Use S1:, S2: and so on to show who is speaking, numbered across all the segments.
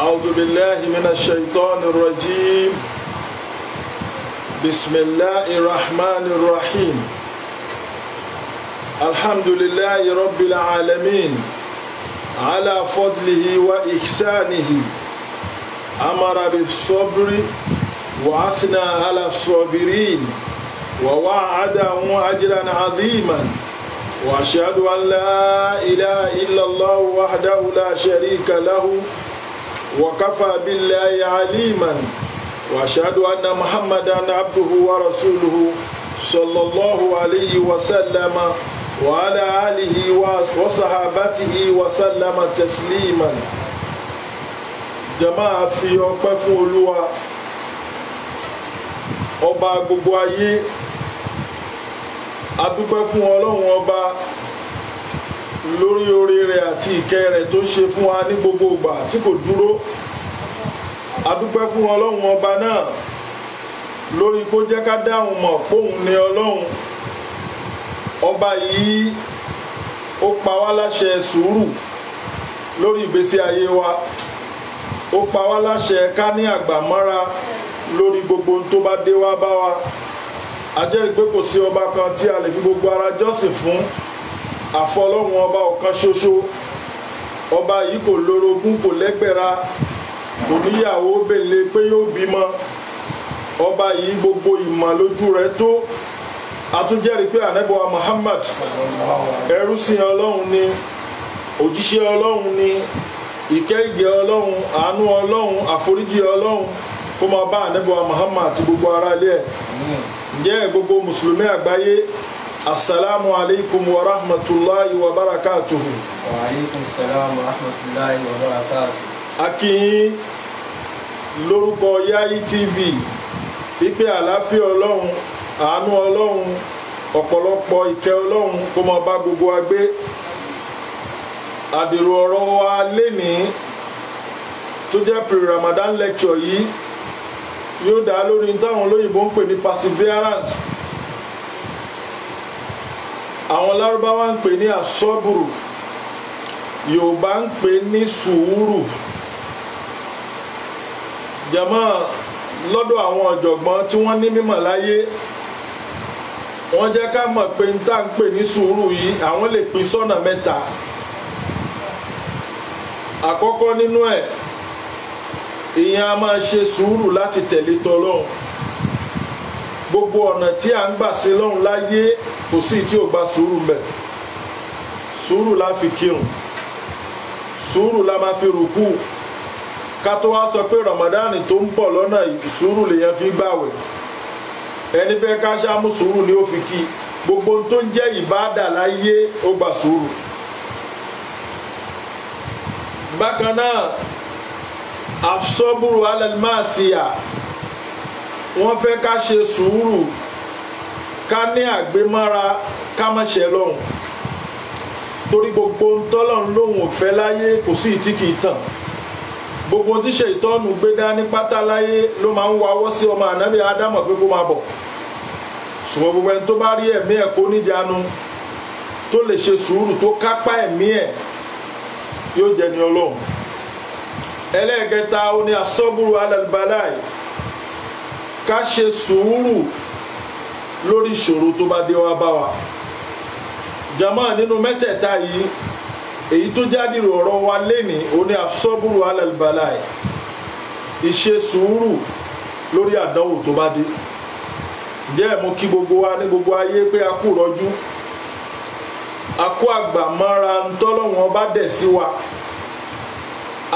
S1: أعوذ بالله من الشيطان الرجيم بسم الله الرحمن الرحيم الحمد لله رب العالمين على فضله وإحسانه أمر بالصبر وأثنى على الصابرين ووعدهم أجرا عظيما وأشهد أن لا إله إلا الله وحده لا شريك له وكفى بالله عليما واشهد ان محمدا عبده ورسوله صلى الله عليه وسلم وعلى اله وصحابته وسلم تسليما jàmáà fi ọpẹ́ fún Olúwa ọba gbogbo ayé adúpẹ́ fún Ọlọ́run ọba lórí oore rẹ̀ àti ìkẹ́ rẹ̀ tó ṣe fún wa ní gbogbo ìgbà tí kò dúró adúpẹ́ fún ọlọ́run ọba náà lórí kó jẹ́ ká dáhùn mọ̀ póun ní ọlọ́run ọba yìí ó pa wá láṣẹ sùúrù lórí ìgbésí ayé wa ó pa wá láṣẹ ká ní àgbàmọ́ra lórí gbogbo tó bá dé wá bá wa a jẹ́rìí pé kò sí ọba kan tí a lè fi gbogbo ara jọ́sìn fún àfọlọ́hun ọba ọ̀kan ṣoṣo ọba yìí kò lórogún kò lẹ́gbẹ̀ra kò níyàwó bèlè pé yóò bímọ ọba yìí gbogbo ìmọ̀ lójú rẹ̀ tó àtúnjẹ́rìí pé ànẹ́bọ̀wá Muhammad ẹrú sìn ọlọ́run ni òjíṣẹ́ ọlọ́run ni ìkẹ́ ọlọ́run àánú ọlọ́run àforíjì ọlọ́run kó Muhammad àti gbogbo gbogbo mùsùlùmí àgbáyé asalaamu aleykum wa rahmatulahi wa barakatuhu. wa aleykum salaam wa rahmatulahi wa barakatuhu. a kí yín lórúkọ Yayi TV pípé àlàáfíà ọlọ́run àánú ọlọ́run ọ̀pọ̀lọpọ̀ ìkẹ́ ọlọ́run kó máa bá gbogbo wa gbé àdèrò ọ̀rọ̀ wa lénìí tó jẹ́ pre-Ramadan lecture yìí yóò dá lórí táwọn olóyìnbó ń pè ní perseverance àwọn lárúbáwá ń pè ní asọ́bùrù yorùbá ń pè ní sùúrù jama lọ́dọ̀ àwọn ọ̀jọ̀gbọ́n tí wọ́n ní mímọ̀ láyé wọ́n jẹ́ ká mọ̀ pé n tá ń pè ní sùúrù yìí àwọn lè pín sọ́nà mẹ́ta àkọ́kọ́ nínú ẹ̀ ìyẹn a máa ṣe sùúrù láti tẹ̀lé tọlọ́run gbogbo ọ̀nà tí a ń gbà ṣe lọ́run láyé kò sí tí ò gba sùúrù mbẹ̀ sùúrù la fi kírun sùúrù la máa fi rùkú ká tó sọ pé ramadan tó ń bọ̀ lọ́nà sùúrù lèèyàn fi gbàwẹ̀ ẹni fẹ́ ká ṣáàmù sùúrù ni ó fi kí gbogbo tó ń jẹ́ ìbáàdà láyé ó gba sùúrù bákan náà àsọ́bùrù alẹ́ máa ṣìyà wọ́n fẹ́ ká ṣe sùúrù ká ní àgbémọ́ra ká má ṣe lọ́hùn torí gbogbo ntọ́lọ́run lòun ò fẹ́ láyé kò sí ìtí kìí tàn gbogbo tí ṣètọ́nù gbé dání pátá láyé ló máa ń wáwọ́ sí ọmọ ànábì ádámọ̀ pé kó máa bọ̀ ṣùgbọ́n gbogbo ẹni tó bá rí ẹ̀mí ẹ̀ kó níjàánu tó lè ṣe sùúrù tó kápá ẹ̀mí ẹ̀ yóò jẹ́ ọlọ́run ẹlẹ́ẹ̀kẹta ó ní asọ́bùrù alẹ́ balẹ̀ ká ṣe sùúrù lórí ìṣòro tó bá dé wá bá wa jama nínú mẹ́tẹ̀ẹ̀ta yìí èyí tó jáde ọ̀rọ̀ wa léni oní ní absọ́bùrù alẹ́lbalẹ̀ ìṣe sùúrù lórí àdánwò tó bá dé díẹ̀ mo kí gbogbo wa ní gbogbo ayé pé a kú rọjú a kú àgbà mọ́ra ntọ́lọ́wọ́n bá dẹ̀ sí wa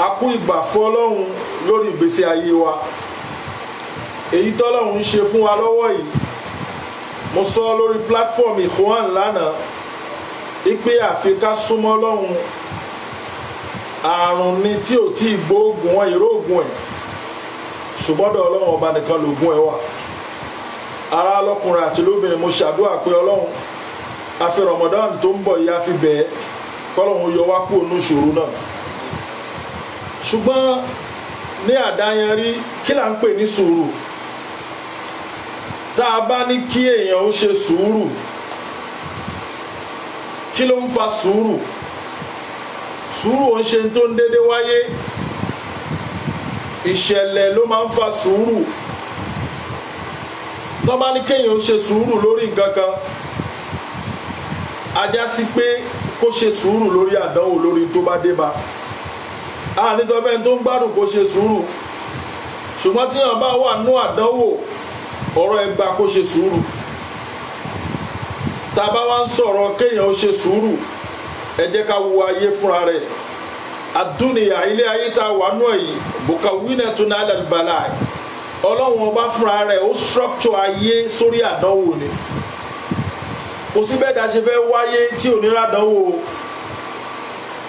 S1: a kú ìgbà fọ́lọ́hún lórí ìgbésí ayé wa. èyí tọ́lọ́hún ń ṣe fún wa lọ́wọ́ yìí mo sọ lórí platform ìkóhàn lánàá ipe àfi ká súnmọ́ lọ́hún àrùn ni tí ò tí ì gbóògùn wọn ìróògùn ẹ̀ ṣùgbọ́n dọ̀ ọlọ́run ọba nìkan lògùn ẹ̀ wà ara lọkùnrin àti lóbìnrin mo ṣàdúrà pé ọlọ́run àfi Ramadan tó ń bọ̀ yìí àfi bẹ́ẹ̀ kọ́lọ́hún yọ wá kúrò ní ìṣòro náà ṣùgbọ́n ní àdáyanrí kí là ń pè ní sùúrù tá a bá ní kí èèyàn ó ṣe sùúrù kí ló ń fa sùúrù sùúrù ò ń ṣe tó ń dédé wáyé ìṣẹ̀lẹ̀ ló máa ń fa sùúrù tó bá ní kéèyàn ó ṣe sùúrù lórí nǹkan kan ajá sí pé kó ṣe sùúrù lórí àdánwò lórí tó bá dé bá a sọ fẹ́ni tó ń gbádùn kó ṣe sùúrù ṣùgbọ́n tíyàn bá wà nú àdánwò ọ̀rọ̀ ẹ gba kó ṣe sùúrù tá a bá wá ń sọ̀rọ̀ kéèyàn ó ṣe sùúrù ẹ jẹ́ ká wo ayé fúnra rẹ̀ àdúnìyà ilé ayé tá a wà nù ẹ̀yí bùkà wínà tún náà lálùbálà ọlọ́run ọba fúnra rẹ̀ ó structure ayé sórí àdánwò ni kò sí bẹ́ẹ̀ dáṣe fẹ́ wáyé tí ò ní ràdánwò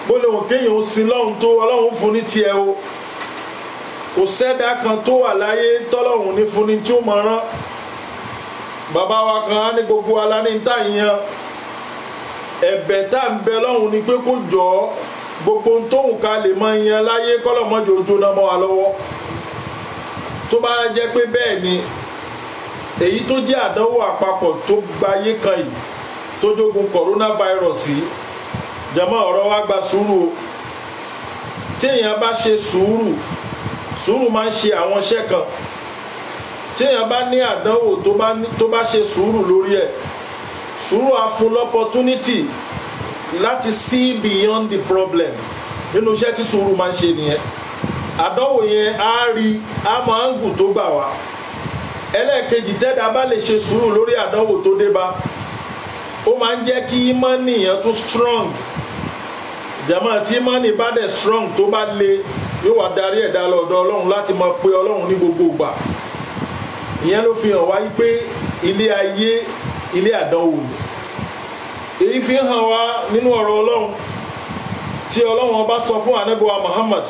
S1: bó lè wọ́n kéèyàn ó sin lọ́hùn tó ọlọ́run fún ní tiẹ̀ o kò sẹ́dá kan tó wà láyé tọ́lọ́hún ní fúnni tí ó mọ̀ rán bàbá wa kan á ní gbogbo alánítà yan ẹ̀bẹ̀ tá à ń bẹ lọ́hún ni pé kó jọ gbogbo tóun ká lè mọ yan láyé kọ́lọ́mọdé ojú mọ́ wa lọ́wọ́ tó bá jẹ́ pé bẹ́ẹ̀ ni èyí tó jẹ́ àdánwò àpapọ̀ tó gbayé kan yìí tó jogun kọ̀rọ́nàfàírọ̀sì jẹ̀mọ́ ọ̀rọ̀ wa gba sùúrù o tí èèyàn bá ṣe sùúrù sùúrù máa ń ṣe àwọn iṣẹ́ kan téèyàn bá ní àdánwò tó bá ṣe sùúrù lórí ẹ̀ sùúrù á fún l'opportunity láti see beyond the problem nínú iṣẹ́ tí sùúrù máa ń ṣe nìyẹn àdánwò yẹn á rí á máa ń gùn tó gbà wá ẹlẹ́ẹ̀kejì tẹ́dá bá lè ṣe sùúrù lórí àdánwò tó dé bá ó máa ń jẹ́ kí ìmánì yẹn tó strong jàmọ́ tí ìmánì bá dẹ̀ strong tó bá le yóò wá darí ẹ̀dá lọ́dọ̀ ọlọ́run láti máa pe ọlọ́run ní gbogbo ìgbà ìyẹn ló fi hàn wá pé ilé ayé ilé àdánwò ni èyí fi hàn wá nínú ọ̀rọ̀ ọlọ́run tí ọlọ́run ọba sọ fún anábíwá Muhammad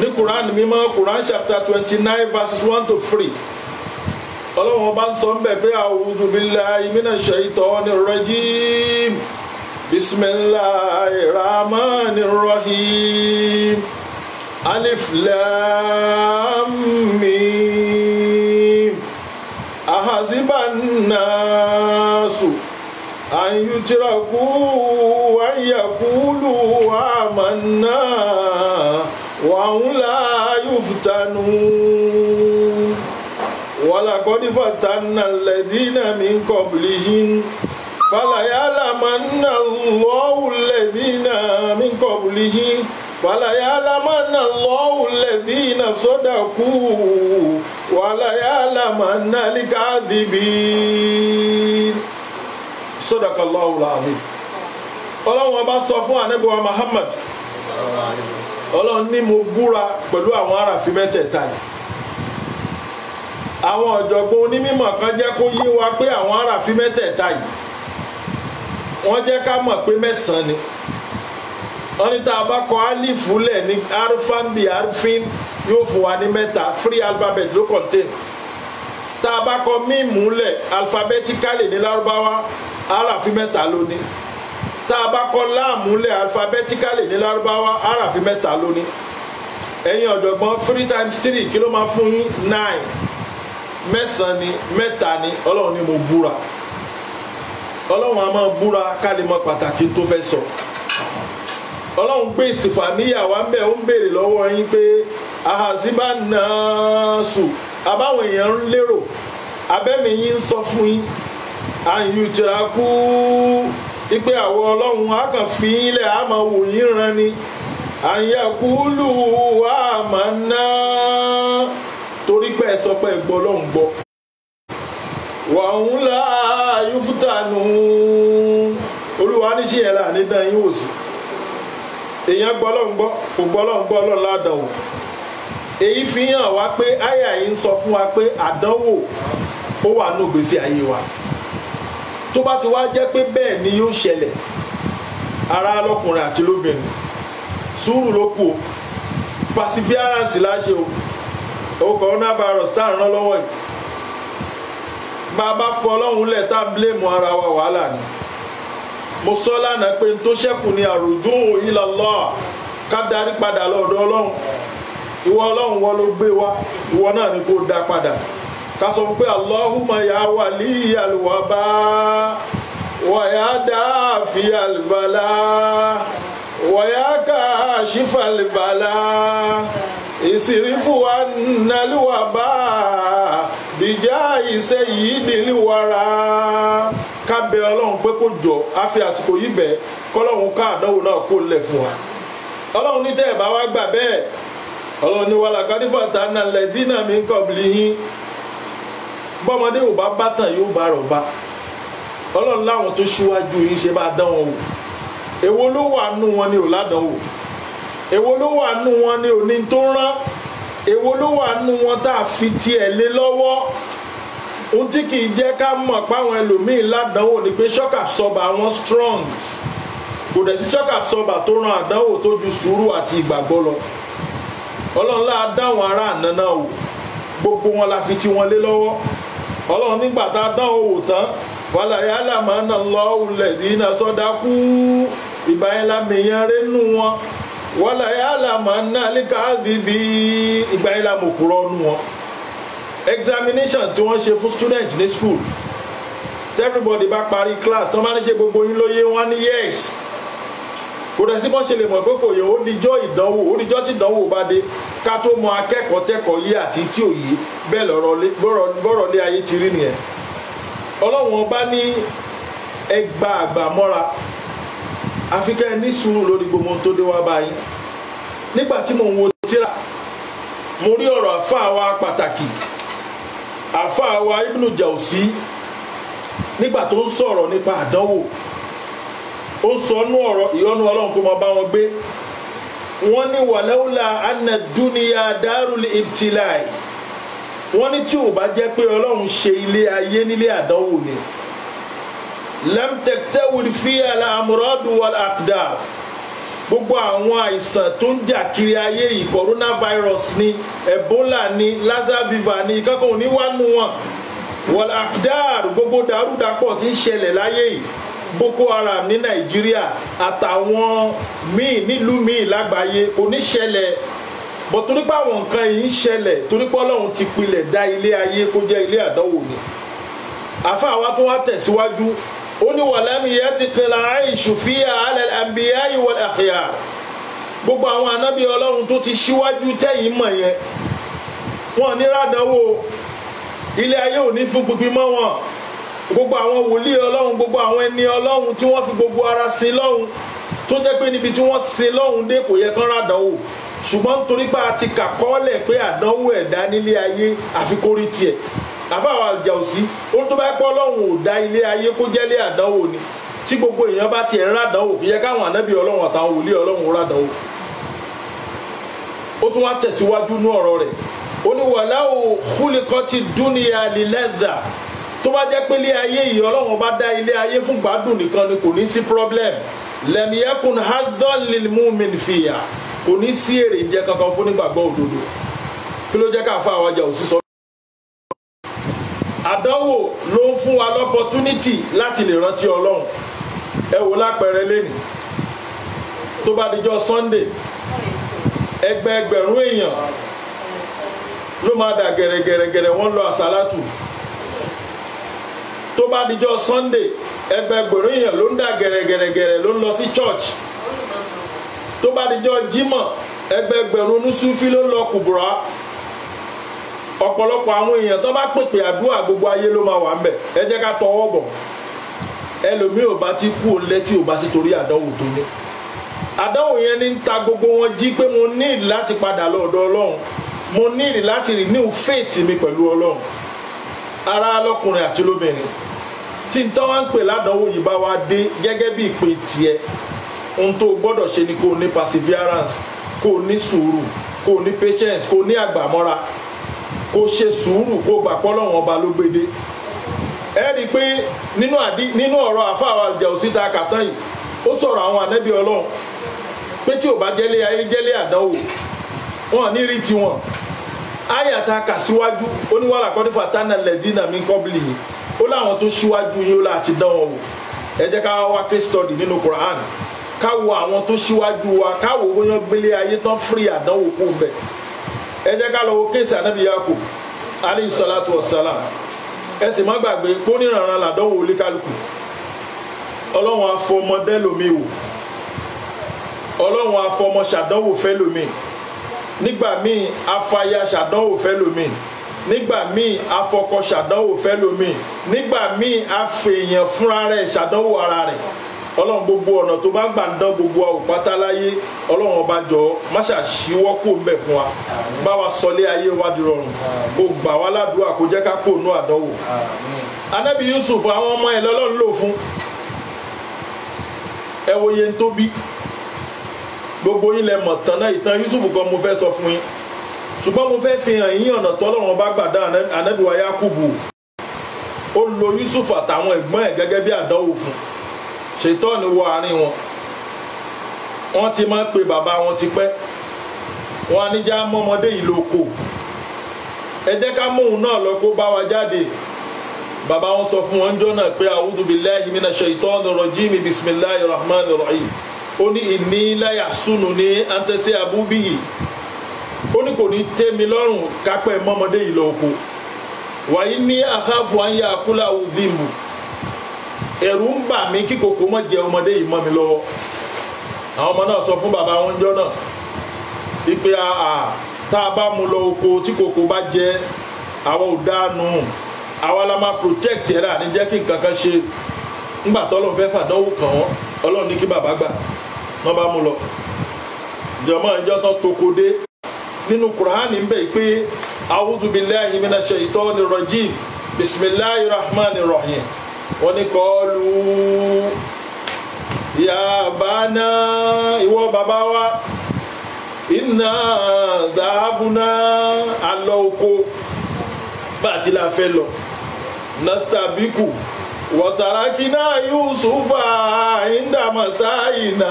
S1: ní Quran mímọ́ Quran chapter twenty nine verses one to three ọlọ́run ọba sọ ń bẹ̀ pé a'udhu billahi minash shaitani rajim bismillahir rahmanir rahim alif lam mim ahasiban nasu an yutraku an yakulu amanna wa hum la yuftanun walaqad fatanna alladhina min qablihim فليعلمن الله الذين من قبلهم فليعلمن الله الذين صدقوا وليعلمن الكاذبين صدق الله العظيم ọlọ́run ọba sọ fún anábíwá Muhammad ọlọ́run ní mo búra pẹ̀lú àwọn aráàfin mẹ́tẹ̀ẹ̀ta yìí àwọn ọ̀jọ̀gbọ́n onímọ̀ kan jẹ́ kó yé wa pé àwọn aráàfin mẹ́tẹ̀ẹ̀ta yìí wọ́n jẹ́ ká mọ̀ wọ́n ní tá a bá kọ alifu lẹ̀ ní arifan bi arifin yóò fún wa ní mẹ́ta free alphabet ló contain tá a bá kọ mímú lẹ̀ alphabetically ní lárúbáwá aráàfin mẹ́ta ló ní tá a bá kọ láàmú lẹ̀ alphabetically ní lárúbáwá aráàfin mẹ́ta ló ní ẹ̀yin ọ̀dọ́gbọ́n three times three kí ló máa fún yín nine mẹ́sàn-án ni mẹ́ta ni ọlọ́run ni mo búra ọlọ́run a máa búra ká lè mọ pàtàkì tó fẹ́ sọ. ọlọ́run pé ìsìfàníyà wa ń ó béèrè lọ́wọ́ yín pé ahazibá náà sùn èèyàn ń lérò abẹ́mi yín ń sọ fún yín àyùn tìrakú àwọn ọlọ́run á kàn fi yín lẹ̀ á máa wò yín ran ni àyàkúlù náà torí pé pé ọlọ́run gbọ́ wàhùn láàyò fúta nù olúwa là yín wò sí i. èèyàn gbọ́ lọ́n gbọ́ kò gbọ́ lọ́n gbọ́ lọ́n ládàáwò èyí fi hàn wá pé àyà yìí ń sọ fún wa pé àdánwò ó wà nù gbèsè ayé wa tó bá ti wá jẹ́ pé bẹ́ẹ̀ ni yóò ṣẹlẹ̀ ara lọ́kùnrin àti lóbìnrin sùúrù ló kù o perseverance la o o coronavirus tá à ń rán lọ́wọ́ yìí bá a bá fọ ọlọ́run lẹ̀ tá a blame ara wa wàhálà ni mo sọ lánàá pé n tó ṣẹ́kù ni àròjù ila Allah ká darí padà lọ́dọ̀ ọlọ́run ìwọ ọlọ́run wọn ló gbé wa ìwọ náà ni kò dá padà ká sọ fún pé Allahumma ya waliyal waba wa ya dafiyal bala wa ya kashifal bala ìsìrífù wa nàlúwàbá bìjà ìṣe yìí dìlúwàrà ká bẹ ọlọ́run pé kó jọ á fi àsìkò yìí bẹ̀ kọ́lọ́run ká àdánwò náà kó lẹ̀ fún wa ọlọ́run ní tẹ́ ẹ̀ bá wá gbà bẹ́ẹ̀ ọlọ́run ní wàhálà kádífà tá nà lẹ́dínà mi ń kọ̀bìlì yín bọ́mọdé ò bá bá tàn yóò bá rọ̀ bá ọlọ́run láwọn tó ṣíwájú yín ṣe bá dán wò èwo ló wà nù wọn ni ò ládàn wò èwo ló wà nù wọn ni ò ní tó rán èwo ló wà nù wọn tá a fi tiẹ̀ lé lọ́wọ́ ohun tí kì í jẹ́ ká mọ̀ páwọn ẹlòmíín ládánwò ni pé shock absorber wọn strong kò dẹ̀ sí shock absorber tó ran àdánwò tó ju sùúrù àti ìgbàgbọ́ lọ ọlọ́run láà dáwọn ará gbogbo wọn la fi ti wọn lé lọ́wọ́ ọlọ́run nígbà tá a tán fàlàyé lọ́wọ́ sọ́dá kú nù wọn wàlàyé examination tí wọ́n ṣe fún student ní school everybody bá parí class tán bá ní ṣe gbogbo yín lóye one years. yes kò dẹ̀ sí bọ́n ṣe lè mọ̀ pé kò yẹ ó dijọ́ ìdánwò ó dijọ́ tí ìdánwò bá dé ká tó mọ akẹ́kọ̀ọ́ tẹ́kọ̀ọ́ yé àti tí ò yé bẹ́ẹ̀ lọ́rọ̀ lé ayé ti rí nìyẹn ọlọ́run ọba ní ẹgbà àgbà mọ́ra àfi kẹ́ ẹ ní sùúrù lórí gbogbo tó dé wá báyìí nígbà tí mò ń wo tíra mo rí ọ̀rọ̀ àfáà wa pàtàkì àfáà wa Ibnu Jawzi nígbà tó ń sọ̀rọ̀ nípa àdánwò ó sọ nú ọ̀rọ̀ ìyọ́nú ọlọ́run kó máa bá wọn gbé wọ́n ní wàláwùlà anna dúníyà dárúlì ibtilai wọ́n ní tí ò bá jẹ́ pé ọlọ́run ṣe ilé ayé nílé àdánwò ni lam wùdí fíyà àmúrọ́dù wal aqdar gbogbo àwọn àìsàn tó ń jà kiri ayé yìí coronavirus ni ebola ni lassa fever ni kankan ò ní wá nu wọn wal akdar gbogbo dàrúdàpọ̀ tí ń ṣẹlẹ̀ láyé yìí boko haram ní nàìjíríà àtàwọn míì nílùú míì lágbàáyé kò ní ṣẹlẹ̀ bọ̀ torí pé àwọn nǹkan yìí ń ṣẹlẹ̀ torí pé ọlọ́run ti pilẹ̀ dá ilé ayé kó jẹ́ ilé àdánwò ni àfa àwa tó wá tẹ̀síwájú. Si ó ní wàlámì yẹ́dìkìlá àìṣù fíyà alẹ́ àmbíyá ìwọl àkìyà gbogbo àwọn anábì ọlọ́run tó ti ṣíwájú tẹ̀yìn mọ̀ yẹn wọn ní ràdánwò ilé ayé ò ní fún gbogbo mọ́ wọn gbogbo àwọn wòlíì ọlọ́run gbogbo àwọn ẹni ọlọ́run tí wọ́n fi gbogbo ara sin lọ́hun tó jẹ́ pé níbi tí wọ́n sin lọ́hun dé kò yẹ kán ràdánwò ṣùgbọ́n nítorí pé kàkọ́ọ́lẹ̀ pé àdánwò ẹ̀dá nílé ayé àfikórí tiẹ̀ àfàwọn àjàòsí ó tó bá pọ́ ọlọ́run ò dá ilé ayé kó jẹ́lé àdánwò ni tí gbogbo èèyàn bá tiẹ̀ ń ràdánwò kò yẹ káwọn ànábì ọlọ́run àtàwọn wòlíì ọlọ́run ràdánwò ó tún wá tẹ̀síwájú ní ọ̀rọ̀ rẹ̀ ó ní wàláwò húlikọ́tì dúnìyà lílẹ́dà tó bá jẹ́ pé ilé ayé yìí ọlọ́run bá dá ilé ayé fún gbádùn nìkan ni kò ní sí problem lẹ́mìẹ́kùn hadọ́lìmùmìn fìyà kò ní sí èrè jẹ kankan fún nígbàgbọ́ òdodo kí ló jẹ́ káfa àwọn ọjà òsì sọ àdánwò ló ń fún wa lọ́pọ̀túnítì láti lè rántí ọlọ́run ẹ wò lápẹẹrẹ lẹ́nu tó bá dijọ́ sunday ẹgbẹ́ ẹgbẹ̀rún èèyàn ló máa dà gẹ̀rẹ́gẹ̀rẹ́gẹ̀rẹ́ wọ́n lọ àsálàtù tó bá dijọ́ sunday ẹgbẹ́ ẹgbẹ̀rún èèyàn ló ń dà gẹ̀rẹ́gẹ̀rẹ́gẹ̀rẹ́ ló ń lọ sí church tó bá dijọ́ jímọ̀ ẹgbẹ́ ẹgbẹ̀rún onísúfí ló ń lọ kùbùrà ọ̀pọ̀lọpọ̀ àwọn èèyàn tó bá pèpè àdúrà gbogbo ayé ló máa wà ń bẹ̀ ẹ jẹ́ ká tọwọ́ bọ̀ ẹlòmíì ò bá ti kú òun létí ò bá ti torí àdánwò tó ní àdánwò yẹn ní ń ta gbogbo wọn jí pé mo níìdì láti padà lọ ọ̀dọ̀ ọlọ́run mo níìdì láti rìn ní fèètì mi pẹ̀lú ọlọ́run ara lọ́kùnrin àti lóbìnrin tí n tán wá ń pè ládánwò yìí bá wá dé gẹ́gẹ́ bí ìpè tiẹ̀ ohun tó gbọ́dọ̀ ṣe ni kó ní perseverance kó ní sùúrù kó ní patience kó ní àgbàmọ́ra kó ṣe sùúrù kó gbà pọ́lọ́wọ́n ọba ló gbede ẹ rí i pé nínú ọ̀rọ̀ àfáàwà àjẹ̀wòsí ta kàtán yìí ó sọ̀rọ̀ àwọn ànẹ́bí ọlọ́run pé tí ò bá jẹ́lé ayé jẹ́lé àdánwò wọn ní rí tiwọn ayàtà kà síwájú ó ní wàhálà kọ́ni fatana lẹ́dínà mi kọ́bìlì yìí ó láwọn tó síwájú yín ó láti dán wọn wò ẹ jẹ́ ká wá case study nínú Quran ká wo àwọn tó síwájú wa ká wo bóyá gbélé ayé tán fírí àdánwò kó bẹ́ẹ̀ ẹ jẹ́ ká lọ wo kéèsì ànábì yakub alayhi salatu wa salam ẹ sì má gbàgbé póníranran làdánwò oníkálukú ọlọ́run afọmọdé lomi o ọlọ́run afọmọ ṣàdánwò fẹ́ lomi nígbà míì afaya ṣàdánwò fẹ́ lomi nígbà míì afọkọ ṣàdánwò fẹ́ lomi nígbà míì afèèyàn fúnra rẹ̀ ṣàdánwò ara rẹ̀ ọlọ́run gbogbo ọ̀nà tó bá ń gbà ń dán gbogbo àwọn pátá láyé ọlọ́run ọba jọ máṣà ṣíwọ́ kó ń bẹ̀ fún wa bá wa sọlé ayé wa di rọrùn kó gbà wá ládùúgbà kó jẹ́ ká kó nú àdánwò. anábì yusuf àwọn ọmọ ẹ̀ lọ́lọ́run lò fún ẹ wo iye tó bí gbogbo yín lẹ mọ̀ tán náà ìtàn yusuf kan mo fẹ́ sọ fún yín ṣùgbọ́n mo fẹ́ fi hàn yín ọ̀nà tọ́lọ́run ọba gbà dá anábì wa yakubu ó lo yusuf àtàwọn ẹ̀gbọ́n ẹ̀ gẹ́gẹ́ bí àdánwò fún un ṣètọ́ni wọ àárín wọn wọ́n ti máa ń pe bàbá wọn ti pẹ́ wọn níjà mọ́mọdé yìí ló kò ẹ jẹ́ ká mú òun náà lọ kó bá wa jáde bàbá wọn sọ fún wọn jọ náà pé a'udhu billahi minash shaitonir rajim bismillahir rahmanir rahim ó ní inni la yahsununi an tas'abu bihi ó ní kò ní tẹ́ mi lọ́rùn kápẹ́ mọ́mọdé yìí lọ kò wa inni akhafu an ya'kulahu ẹ̀rù ń bà mí kí kòkó mọ̀ jẹ ọmọdé yìí mọ mi lọ́wọ́ àwọn ọmọ náà sọ fún bàbá wọn jọ náà wípé àà tá a bá mu lọ oko tí kòkó bá jẹ àwọn ò dánu àwa la máa protect ẹ̀ rà ní jẹ́ kí nǹkan kan ṣe ńgbà tó ọlọ́run fẹ́ fàdánwò kàn wọ́n ọlọ́run ní kí bàbá gbà wọ́n bá mú lọ ìjọba ìjọ tán tokode nínú kùránì ń bẹ̀ pé a'udhu billahi minash shaitani rajim bismillahir rahmanir rahim. wọ́n ní kọ́ọ̀lù ya náà ìwọ bàbá wa iná dàábù náà alọ́ oko bá a ti la fẹ́ lọ nastabiku wọ̀tàràkínà yusufa ìndàmọ̀tá ìná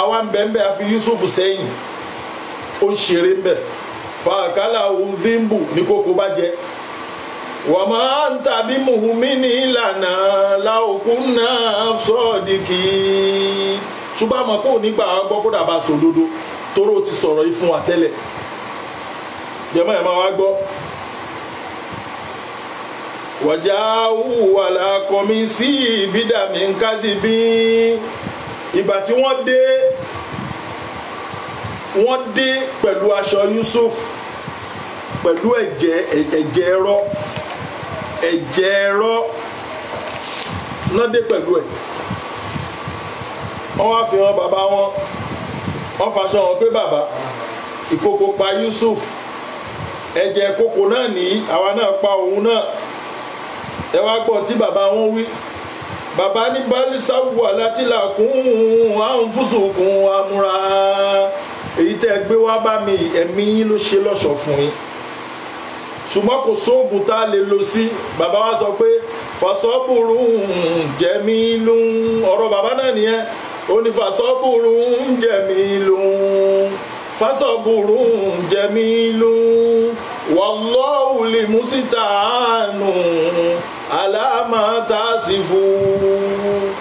S1: àwa ń bẹ̀ ń bẹ̀ àfi yusuf sẹ́yìn ó ń ṣeré ń bẹ̀ fàákàlà òun ní kókó bá jẹ́ wa ma anta bi muhumini lana laokunna sọdiki ṣùgbọ́n àmọ́ kò ní gbà gbọ́ kó dàbà sòdodo tóró ti sọ̀rọ̀ yìí fún wa tẹ́lẹ̀ jẹ́mọ́ ẹ̀ máa wá gbọ́. wàjà wùwà la kọ́mi sí ìbídàmí nkádìbí ìgbà tí wọ́n dé wọ́n dé pẹ̀lú aṣọ Yusuf pẹ̀lú ẹ̀jẹ̀ ẹ̀jẹ̀ ẹ̀rọ ẹ̀jẹ̀ ẹ̀rọ náà dé pẹ̀lú ẹ̀ wọ́n wá fi hàn bàbá wọn wọ́n faṣọ wọn pé bàbá ìkòkò pa Yusuf ẹ̀jẹ̀ kòkò náà nìyí àwa náà pa òun náà ẹ wá gbọ́ tí bàbá wọn wí bàbá ní balisawu alátìlá kún àwọn fúsùnkún amúra èyí tẹ́ ẹ gbé wá bá mi ẹ̀mí yín ló ṣe lọ́ṣọ̀ọ́ fún yín ṣùgbọ́n kò sóògùn tá a lè lò sí bàbá wa sọ pé fàṣọ́bùrù jẹ̀mí lù ọ̀rọ̀ bàbá náà nìyẹn ó ní fàṣọ́bùrù jẹ̀mí lù fàṣọ́bùrù jẹ̀mí lù wàlọ́ọ̀hù lè mú síta àánú aláàmọ́tàṣìfù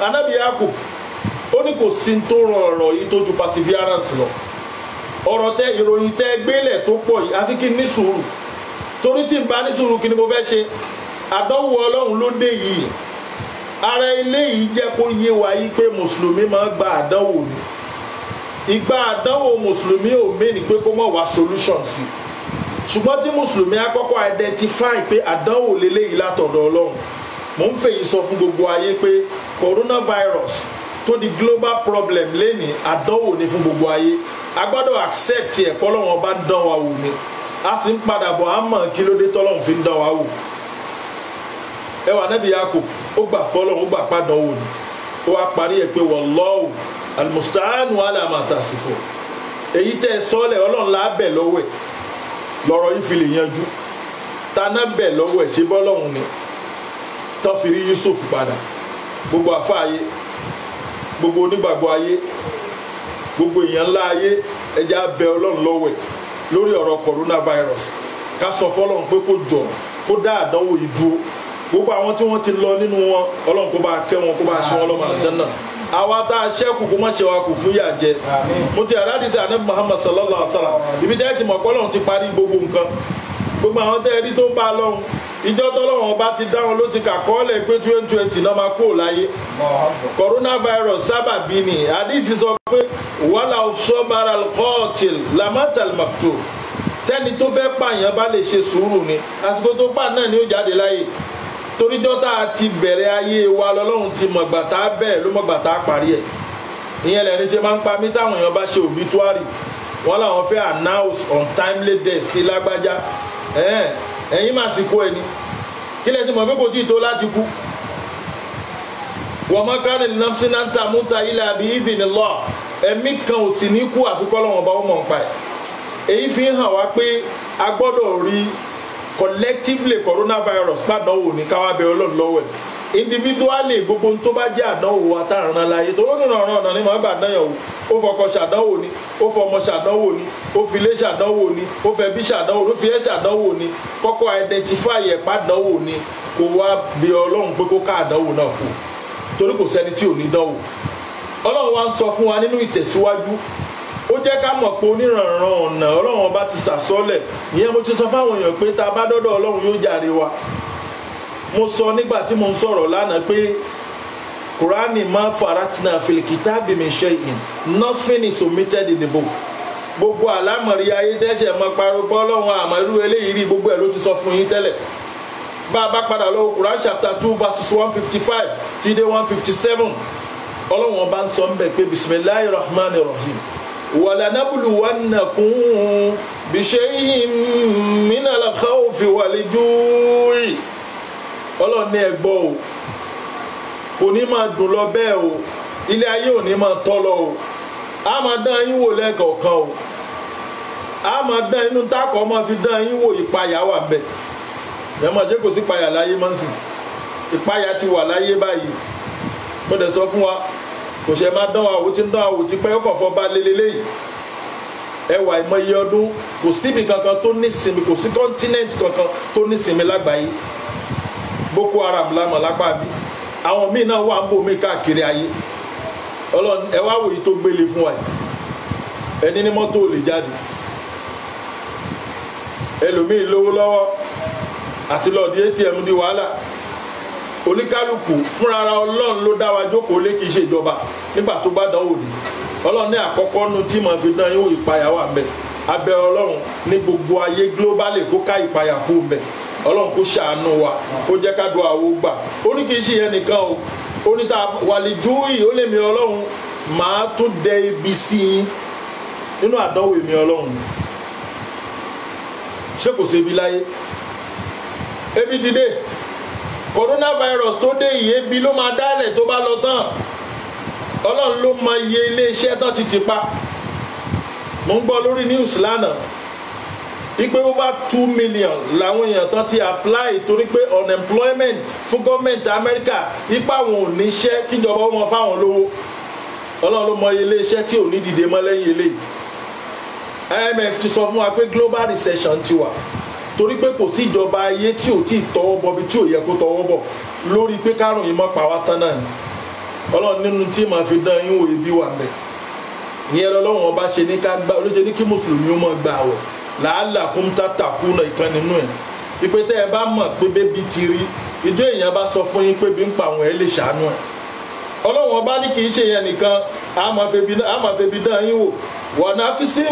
S1: anábìyàkù ó ní kò sí tó ran ọ̀rọ̀ yìí tó ju perseverance lọ ọ̀rọ̀ tẹ ìròyìn tẹ gbélẹ̀ tó pọ̀ yìí àfi kí ní sùúrù torí tí n bá ní sùúrù kí ni mo fẹ́ ṣe àdánwò ọlọ́run ló dé yìí ara ilé yìí jẹ́ kó yé wa yí pé mùsùlùmí máa gba àdánwò ni ìgbà àdánwò mùsùlùmí ò mẹ́ni pé kó mọ̀ wá solution sí ṣùgbọ́n tí mùsùlùmí akọ́kọ́ identify pé àdánwò lélẹ́yìí látọ̀dọ̀ ọlọ́run mò ń fèyí sọ fún gbogbo ayé pé coronavirus tó di global problem lẹ́nìí àdánwò ni fún gbogbo ayé a gbọ́dọ̀ accept ẹ̀ pé Ọlọ́run bá ń dán wa wò ni a sì ń padà bọ̀ á mọ̀ kí ló dé tọ́lọ́run fi ń dán wa wò ẹ wà nẹ́bí Yakub ó gbà fọ́lọ́run ó gbà padà wò ni ó wá parí ẹ̀ pé wallahu almusta'anu ala ma tasifun èyí tẹ́ ẹ sọ́lẹ̀ ọlọ́run là á bẹ̀ lọ́wọ́ ẹ̀ lọ́rọ̀ yìí fi lè yanjú taná bẹ̀ lọ́wọ́ ẹ̀ ṣe bọ́lọ́run ni tán fi rí Yusuf padà gbogbo àfa ayé gbogbo onígbàgbọ́ ayé gbogbo èèyàn ńlá ayé ẹja bẹ ọlọ́run lọ́wọ́ ẹ̀ lórí ọ̀rọ̀ coronavirus ká sọ fọlọ́run pé kó jọ kó dá àdánwò yìí dúró gbogbo àwọn tí wọ́n ti lọ nínú wọn ọlọ́run kó bá kẹ́ wọn kó bá ṣe wọn lọ́mọ àlùjánnà àwa tá a ṣẹ́kù kó má ṣe wa kù fún yàjẹ́ mo ti àrádìsí ànábì Muhammad sallallahu alaihi wa sallam ibi tẹ́ ti mọ̀ pé ọlọ́run ti parí gbogbo nǹkan gbogbo àwọn tẹ́ ẹ rí tó bá lọ́run ìjọ tọ́lọ́wọ́n bá ti dáhùn ló ti kàkọ́ọ́lẹ̀ pé twenty twenty náà máa kúrò láyé coronavirus sábàbí ni àdìsí sọ pé wàhálà sọ́bàrà kọ́ọ̀tìl lamatal maktoub tẹ́ni tó fẹ́ pààyàn bá lè ṣe sùúrù ni àsìkò tó pààyàn náà ni ó jáde láyé torí dọ́tà ti bẹ̀rẹ̀ ayé wa lọ́lọ́run ti mọ̀gbà tá a bẹ̀rẹ̀ ló mọ̀gbà tá a parí ẹ̀ ìyẹn lẹ́ni ṣe máa ń pa mí táwọn èèyàn bá ṣe obituary wọ́n làwọn fẹ́ announce untimely death ti lágbájá ẹ̀yin máa sì kó ẹ ní kí lẹ ti mọ̀ pé kò tí ì tó láti kú wa ma kana nafsin an tamuta illa bi idhnillah ẹ̀mí kan ò sì ní kú àfikọ́ lọ́wọ́n bá ó mọ̀ nípa ẹ̀ èyí fi hàn wá pé a gbọ́dọ̀ rí collectively coronavirus pàdánwò ní káwá bẹ ọlọ́run lọ́wọ́ ẹ̀ individually gbogbo tó bá jẹ́ àdánwò wa tá à ń ran láyé tó lónìí ọ̀ràn ọ̀nà ni màá bà dáyàn wò ó fọkọ ṣàdánwò ni ó fọmọ ṣàdánwò ni ó filé ṣàdánwò ni ó fẹbí ṣàdánwò ló fi ẹ́ ṣàdánwò ni kọ́kọ́ identify ẹ̀ pàdánwò ni kó wá bí ọlọ́run pé kó ká àdánwò náà kú torí kò sẹ́ni tí ò ní dánwò ọlọ́run wa ń sọ fún wa nínú ìtẹ̀síwájú ó jẹ́ ká mọ̀ pé oníranran ọ̀nà ọlọ́run ọba ti sàsọ́lẹ̀ ìyẹn mo ti sọ fáwọn èèyàn pé tá a bá dọ́dọ̀ ọlọ́run yóò jàre wa mo sọ nígbà tí mo ń sọ̀rọ̀ lánàá pé Qur'ani ma faratina filikita bimi shay'in nothing is omitted in the book gbogbo àlámọ̀rí ayé tẹ́sẹ̀ mọ parọ́pọ́ ọlọ́run àmọ́ irú eléyìí rí gbogbo ẹ̀ ló ti sọ fún yín tẹ́lẹ̀ bá a bá padà lọ Qur'an chapter two verses one fifty five ti dé one fifty seven ọlọ́run ọba ń sọ ń bẹ̀ pé bisimilayi rahman rahim wàlànàbùlùwánàkùn bìṣẹ́yìn mínàlá khawfi wàlíjúùrì ọlọ́run ní ẹgbọ́ o kò ní máa dùn lọ bẹ́ẹ̀ o ilé ayé ò ní máa tọ́ lọ o a máa dán yín wò lẹ́ẹ̀kọ̀ọ̀kan o a máa dán inú tákọ̀ máa fi dán yín wò ìpayà wà bẹ́ẹ̀ ìyẹn máa ṣe kò sí ìpayà láyé máa ń sìn ìpayà ti wà láyé báyìí mo dẹ̀ sọ fún wa kò ṣe máa dán àwò tí ń dán àwò tí pẹ́ ọkọ̀ fọ́ bá lélẹ́lẹ́ yìí ẹwà ìmọ̀ iye ọdún kò síbi kankan tó nísinmi kò sí kọ́ńtínẹ́ǹtì kankan tó nísinmi lágbàáyé Boko Haram lámọ̀ lápá mi àwọn míì náà wà ń bò mí káàkiri ayé ọlọ́run ẹ wá wòye tó gbélé fún wa yìí ẹni ní mọ́tò ò lè jáde ẹlòmíì lówó lọ́wọ́ àti lọ́ọ̀dì atm di wàhálà oníkálukú fúnra ara ọlọ́run ló dá wa jókòó lé kìí nígbà tó bá dánwò ni ọlọ́run ní àkọ́kọ́ nu tí màá fi dán yóò ìpayà wà mbẹ abẹ́ ọlọ́run ní gbogbo ayé globally kó ká ìpayà kú mbẹ ọlọ́run kó ṣàánú wa kó jẹ́ ká dùn àwo gbà ó ní kí n ṣe yẹn nìkan o ó ní ta wàlíjú yìí ó lè mi ọlọ́run màá tún dẹ ibi sí i nínú àdánwò èmi ọlọ́run ṣé kò sébi láyé ebi ti coronavirus tó dé yìí ebi ló máa dálẹ̀ tó bá lọ tán ọlọ́run ló mọ iye iléeṣẹ́ tán ti tì pa mo ń gbọ́ lórí news lánàá ipe over two million làwọn èèyàn tán ti apply torí pé unemployment fún gọ́ọ̀mẹ̀ntì amẹ́ríkà ipa àwọn ò níṣẹ́ kíjọba ó mọ fáwọn lówó ọlọ́run ló mọ ilé iṣẹ́ tí ò ní dìde mọ́ lẹ́yìn eléyìí imf ti sọ fún wa pé global recession ti wà torí pé kò sí ìjọba ayé tí ò tí ì tọwọ́ bọ̀ bí tí ò yẹ kó tọwọ́ bọ̀ lórí pé kárùn yìí mọ́ pa wá tán náà ni ọlọ́run nínú tí màá fi dán yín wò ebi wà bẹ́ẹ̀ ìyẹn lọ́wọ́n ọba ṣe ní ká gbá olóṣèlú kí mùsùlùmí ó mọ̀ gbà wẹ̀ làálà kúńtà takùnà ìkan nínú ẹ̀ ìpè tẹ́ ẹ bá mọ̀ pé bébí ti rí ìjọ èèyàn bá sọ fún yín pé bí ń pa àwọn ẹ lè ṣàánú ẹ̀ ọlọ́run ọba ní kì í ṣe yẹn nìkan àmọ̀fẹ́bi dán yín wò wọ̀nà kìsí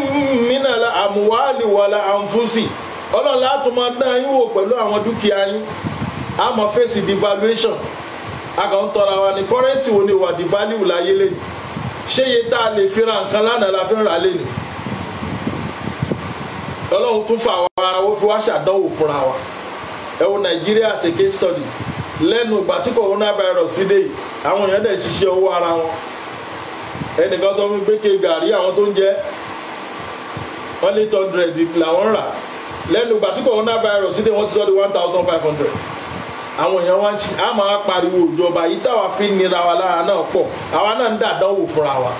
S1: mìíràn la àmúwáàlì wàlà àǹfùsì ọlọ́run láti máa dán yín wò pẹ̀lú àwọn dúkìá yín àmọ̀ fèsì devaluation àkàn ń wa ní kọ́rẹ́nsì wo ni wà devalue láyé lẹ́yìn ṣé iye tá a lè fi nǹkan lánàá la fi ń rà lẹ́yìn ọlọ́run tún fà wá ó fi wá ṣàdánwò fúnra wa ẹ wo nàìjíríà seke study lẹnu ìgbà tí coronavirus dé àwọn èèyàn ara wọn ẹnìkan sọ fún mi gàrí àwọn tó ń jẹ wọ́n two hundred làwọn rà ìgbà tí ti di one thousand five hundred àwọn èèyàn wá ń ṣe àmọ́ nira wa lára náà pọ̀ àwa náà ń dàdánwò fúnra wa.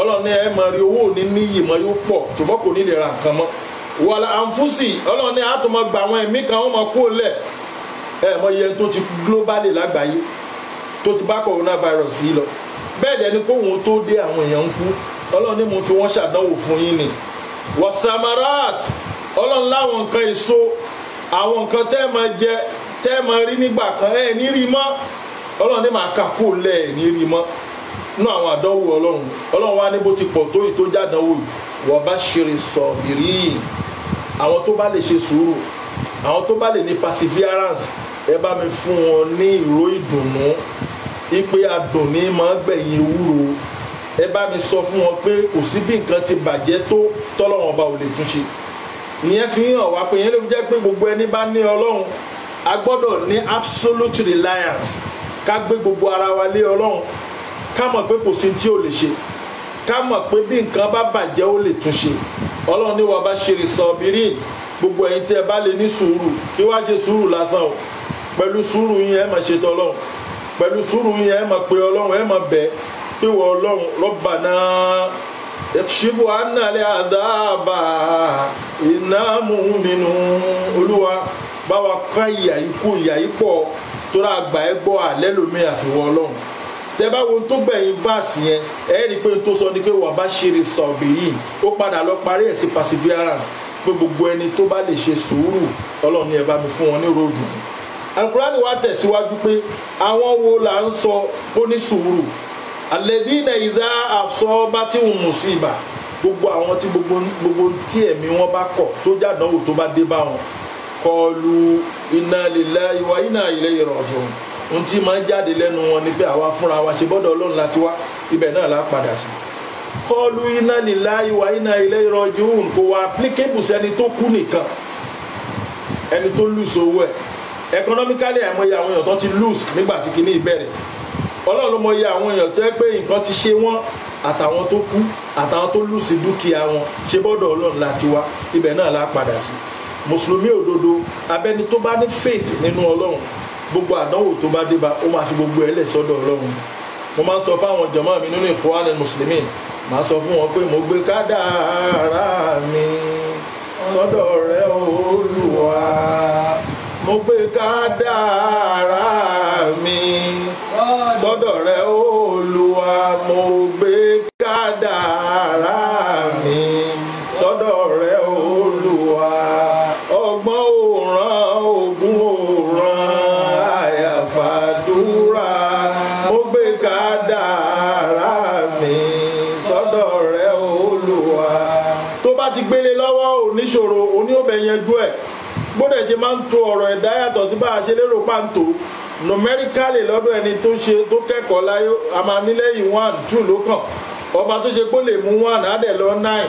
S1: ọlọ́run ní ẹ máa rí owó òní níyì mọ́ yóò pọ̀ ṣùgbọ́n kò ní lè ra nǹkan mọ́ wàlà àǹfùsì ọlọ́run ní àtọmọ gba àwọn ẹ̀mí kan ó máa kú lẹ̀ ẹ mọ iye tó ti globally lágbàáyé tó ti bá coronavirus yìí lọ bẹ́ẹ̀ dẹ̀ ni kóhun tó dé àwọn èèyàn ń kú ọlọ́run mo fi wọ́n ṣàdánwò fún yín ni wasamarat ọlọ́run láwọn nǹkan èso àwọn nǹkan tẹ́ ẹ máa jẹ tẹ́ ẹ máa rí nígbà kan ẹ ní rí mọ́ ọlọ́run ní kà kú lẹ̀ ẹ ní rí mọ́ nú àwọn àdánwò ọlọ́run ọlọ́run wa ní bó ti pọ̀ tó yìí tó jádánwò yìí wa bashiri sabirin àwọn tó bá lè ṣe sùúrù àwọn tó bá lè ní perseverance ẹ bá mi fún wọn ní ìró ìdùnnú ipe adùn ní máa gbẹ̀yìn ewúro ẹ bá mi sọ fún wọn pé kò sí bí nǹkan ti bàjẹ́ tó tọ́lọ́run ọba ò lè túnṣe ìyẹn fi hàn wá pé ìyẹn ló jẹ́ pé gbogbo ẹni bá ní ọlọ́run a gbọ́dọ̀ ní absolute reliance ká gbé gbogbo ara wa lé ọlọ́run ká mọ̀ pé kò sí tí ò lè ṣe ká mọ̀ pé bí nǹkan bá bàjẹ́ ó lè túnṣe ọlọ́run ní wàá bá ṣe lè sọ obìnrin gbogbo ẹ̀yin tẹ́ ẹ bá lè ní sùúrù kí wàá ṣe sùúrù lásán o pẹ̀lú sùúrù yín ẹ máa ṣe tọ́lọ́run pẹ̀lú sùúrù yín ẹ máa pe ọlọ́run ẹ máa bẹ̀ pé wọ ọlọ́run Rabbana ṣífù ànàlẹ́ àdáàbà iná mu'minu olúwa báwa ká ìyà ikú ìyà ipò tó rà gbà ẹ gbọ́ àlẹ́ lómi àfiwọ́ ọlọ́run tẹ bá wo tó gbẹ̀yìn verse yẹn ẹ rí i pé tó sọ ni pé wabashiri sabiri ó padà lọ parí ẹ̀ sí perseverance pé gbogbo ẹni tó bá lè ṣe sùúrù ọlọ́run ni ẹ bá mi fún wọn ní ròdù alukurani wa tẹ̀síwájú pé àwọn wo là ń sọ ó ní sùúrù alladina iza asabatihum musiba gbogbo àwọn tí gbogbo tí ẹ̀mí wọn bá kọ̀ tó jádánwò tó bá dé bá wọn qalu inna lillahi wa inna ilayhi raji'un ohun tí máa ń jáde lẹ́nu wọn ni pé àwa fúnra wa ṣe bọ́dọ̀ ọlọ́run láti wá ibẹ̀ náà la padà sí kọlu iná lillahi wa iná ilayhi raji'un kò wá applicable sẹ́ni tó kú nìkan ẹni tó lose owó ẹ̀ economically àìmọye àwọn èèyàn tó ti lose nígbà tí kinní ìbẹ̀rẹ̀ ọlọ́run ló mọye àwọn èèyàn tó jẹ́ pé nǹkan ti ṣe wọ́n àtàwọn tó kú àtàwọn tó lùsì dúkìá wọn ṣe bọ́dọ̀ ọlọ́run láti wá ibẹ̀ náà la padà sí mùsùlùmí òdodo abẹ́ni tó bá ní faith nínú ọlọ́run gbogbo àdánwò tó bá dé bá ó máa fi gbogbo ẹ lẹ̀ sọ́dọ̀ ọlọ́run mo máa ń sọ fáwọn jọ̀mọ́ mi nínú Ikhwan al-Muslimin màá sọ fún wọn pé mo gbé kádàrá mi sọ́dọ̀ rẹ Olúwa mo gbé kádàrá mi sọ́dọ̀ rẹ Olúwa mo. bẹ́ẹ̀ ṣe máa ń to ọ̀rọ̀ ẹ̀dá yàtọ̀ sí bá a ṣe lérò pàǹtó numerically lọ́dọ̀ ẹni tó ṣe tó kẹ́kọ̀ọ́ láyé a máa ní lẹ́yìn one two ló kàn ọba tó ṣe pé lè mú one á dẹ̀ lọ nine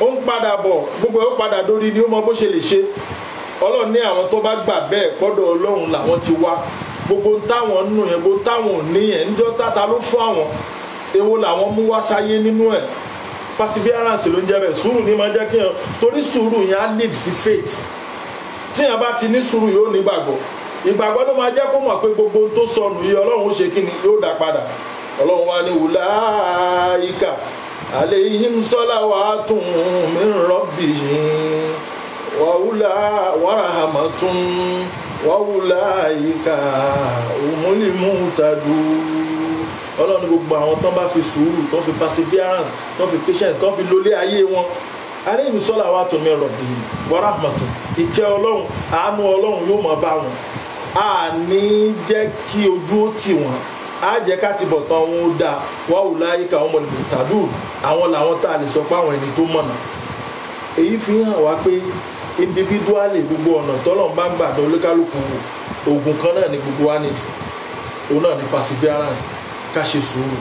S1: ó ń padà bọ̀ gbogbo ẹ̀ ó padà dórí ni ó mọ bó ṣe lè ṣe ọlọ́run ní àwọn tó bá gbà bẹ́ẹ̀ kọ́dọ̀ ọlọ́run làwọn ti wá gbogbo táwọn nù yẹn gbogbo táwọn ò ní yẹn níjọ́ tata ló fún àwọn èwo làwọn mú wá sáyé nínú ẹ̀ perseverance ló ń jẹ́ bẹ́ẹ̀ sùúrù ni máa jẹ́ kéèyàn torí sùúrù yẹn á lead sí faith tíyàn bá ti ní sùúrù yóò nígbàgbọ́ ìgbàgbọ́ ló máa jẹ́ kó mọ̀ pé gbogbo ohun tó sọnù yìí ọlọ́run ṣe kí ni yóò dá padà ọlọ́run wa ni wùláìkà àléyìn sọ́lá wa tún mí rọ́bì yìí wàhùlà wàràhàmà tún wàhùláìkà òmùlímù tàdú ọlọ́run gbogbo àwọn tó bá fi sùúrù tó fi perseverance tó fi patience tó fi lólé ayé wọn àlẹ́yìn sọ́lá wa tó mi rọ̀bì wàràmọ̀tò ìkẹ́ ọlọ́run àánú ọlọ́run yóò máa bá wọn a ní jẹ́ kí ojú ó tì wọ́n a jẹ́ ká ti bọ̀ tán wọn ó dáa wọ́n wù láyé ká wọn mọ̀lẹ́bí tàdú àwọn làwọn tá a lè sọ pé àwọn ẹni tó mọ̀nà èyí fi hàn wá pé individually gbogbo ọ̀nà tọ́lọ̀ ń bá ń gbàdán olúkálùkù oògùn kan náà ni gbogbo wa nìdí òun náà ni perseverance ká ṣe sùúrù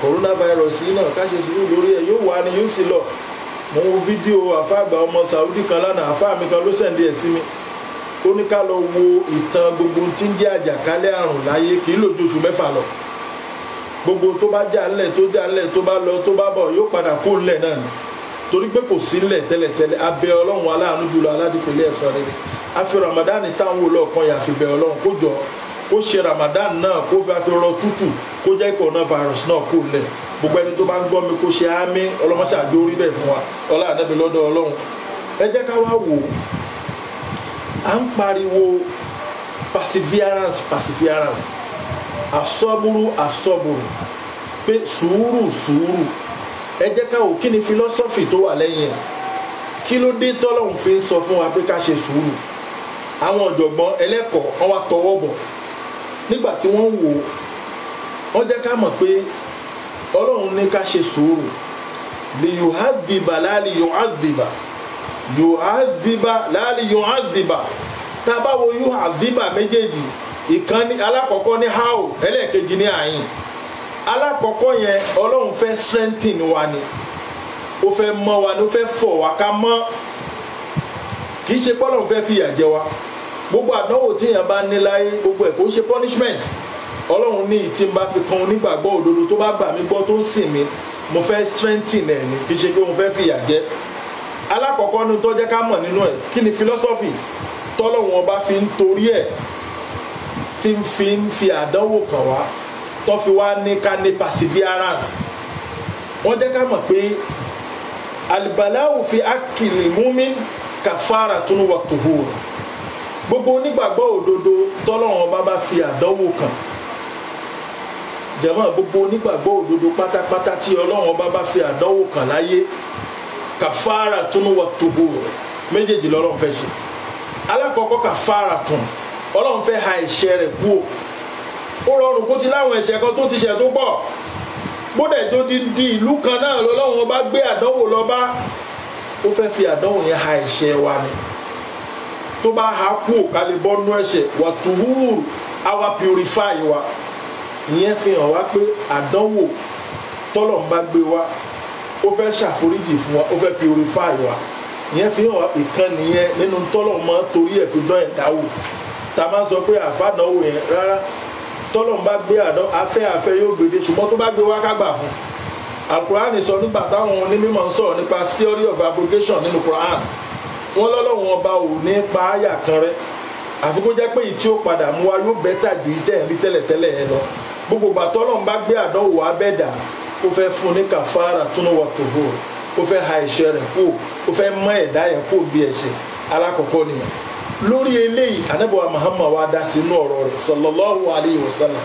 S1: coronavirus yìí náà ká ṣe sùúrù lórí ẹ̀ yóò wá ni yóò sì lọ mo wo fídíò àfáàgbà ọmọ Saudi kan lánàá àfáà mi kan ló sẹ̀ndí ẹ̀ sí mi ó ní ká lọ wo ìtàn gbogbo tí ń jẹ́ àjàkálẹ̀ àrùn láyé kì í lòjó oṣù mẹ́fà lọ gbogbo tó bá jà ńlẹ̀ tó jà ńlẹ̀ tó bá lọ tó bá bọ̀ yóò padà kó ńlẹ̀ náà ni torí pé kò sí ńlẹ̀ tẹ́lẹ̀tẹ́lẹ̀ abẹ ọlọ́run aláàánú jùlọ aládìpẹ̀lẹ̀ ẹ̀sán rere àfi Ramadan táwọn olóòkan yà fi bẹ ọlọ́run kó jọ kó ṣe Ramadan náà kó bá fi rọ tútù kó jẹ́ corona virus náà kó lẹ̀ gbogbo ẹni tó bá ń gbọ́ mi kó ṣe àmì ọlọ́mọṣẹ́ àjò orí bẹ́ẹ̀ fún wa ọlá ànábi lọ́dọ̀ ọlọ́run ẹ jẹ́ ká wá wò à ń pariwo perseverance perseverance asọ́búrú asọ́búrú pé sùúrù sùúrù ẹ jẹ́ ká wò kí ni philosophy tó wà lẹ́yìn ẹ̀ kí ló dé tọ́lọ́hún fi ń sọ fún wa pé ká ṣe sùúrù àwọn ọ̀jọ̀gbọ́n ẹlẹ́kọ̀ọ́ wọn wá tọwọ́ bọ̀ nígbà tí wọ́n wò wọ́n jẹ́ ká mọ̀ pé ọlọ́run ní ká ṣe sùúrù lè yóò á dìbà láàlì yóò á dìbà yóò á dìbà láàlì yóò á dìbà tá a bá wo yóò á dìbà méjèèjì ìkan ní alákọ̀ọ́kọ́ ní how ẹlẹ́ẹ̀kejì ní àyìn alákọ̀ọ́kọ́ yẹn ọlọ́run fẹ́ strengthen wa ni ó fẹ́ mọ́ wa ni ó fẹ́ fọ̀ wá ká mọ́ kì í ṣe pé fẹ́ fìyà jẹ wa gbogbo àdánwò tí èèyàn bá ní láyé gbogbo ẹ̀ kò ṣe punishment ọlọ́run ní ìtì ń bá fi kan onígbàgbọ́ òdodo tó bá gbà mí gbọ́ tó ń sìn mí mo fẹ́ strengthen ẹ̀ ní kì í ṣe pé mo fẹ́ fìyà jẹ alákọ̀ọ́kọ́ ní tó ká mọ̀ nínú ẹ̀ kí ni philosophy tọ́lọ́run ọba fi ń torí ẹ̀ tí ń fi ń fi àdánwò kàn wá tó fi wá ní ká ní perseverance wọ́n jẹ́ ká mọ̀ pé albaláwo fi akìlì múmi kàfàrà tún wà tòhóòrò gbogbo onígbàgbọ́ òdodo tọ́lọ́run ọba bá fi àdánwò kàn jẹ̀mọ́ gbogbo onígbàgbọ́ òdodo pátápátá tí ọlọ́run ọba bá fi àdánwò kàn láyé kàfàrà tún wà tòbó rẹ̀ méjèèjì lọ́lọ́run fẹ́ ṣe alákọ̀ọ́kọ́ kàfàrà tún ọlọ́run fẹ́ ha ẹ̀ṣẹ̀ rẹ̀ kú o ó rọrùn kó ti láwọn ẹ̀ṣẹ̀ kan tó ti ṣẹ̀ tó pọ̀ bódẹ̀ tó ti di ìlú kan náà lọ́lọ́run ọba gbé àdánwò lọ bá ó fẹ́ fi àdánwò yẹn ha ẹ̀ṣẹ̀ wa ni tó bá ha kú ká lè bọ́ nú ẹ̀ṣẹ̀ wà tuhur àwa purify wa ìyẹn fi hàn wá pé àdánwò tọ́lọ̀ ń bá gbé wa ó fẹ́ ṣàforíjì fún wa ó fẹ́ purify wa ìyẹn fi hàn wá ìkan nìyẹn nínú tọ́lọ̀ mọ́ torí ẹ̀ fi dán ẹ̀dá wò tá a máa sọ pé àfàdánwò yẹn rárá tọ́lọ̀ ń bá gbé àdán afẹ́ afẹ́ yóò gbèdé ṣùgbọ́n tó bá gbé wa ká gbà fún un alukur'an sọ nígbà táwọn onímọ̀ ń sọ̀rọ̀ nípa theory of application nínú kur'an wọn lọ́lọ́wọ́n ọba ò ní pa àyà kan rẹ àfi kó jẹ́ pé èyí tí ó padà mú wa yóò bẹ́tà ju ìtẹ̀ ń rí tẹ́lẹ̀tẹ́lẹ̀ yẹn lọ gbogbo gbàtọ́ náà bá gbé àdánwò abẹ́dà ó fẹ́ fún ní kàfàrà túnú wọ tòbó ó fẹ́ ha ẹ̀ṣẹ̀ rẹ̀ kú ó fẹ́ mọ ẹ̀dá yẹn kú bí ẹ̀ṣẹ̀ alákọ̀ọ́kọ́ nìyẹn lórí eléyìí anábọ̀wá Muhammad wa dá sínú ọ̀rọ̀ rẹ̀ sallallahu alayhi wa sallam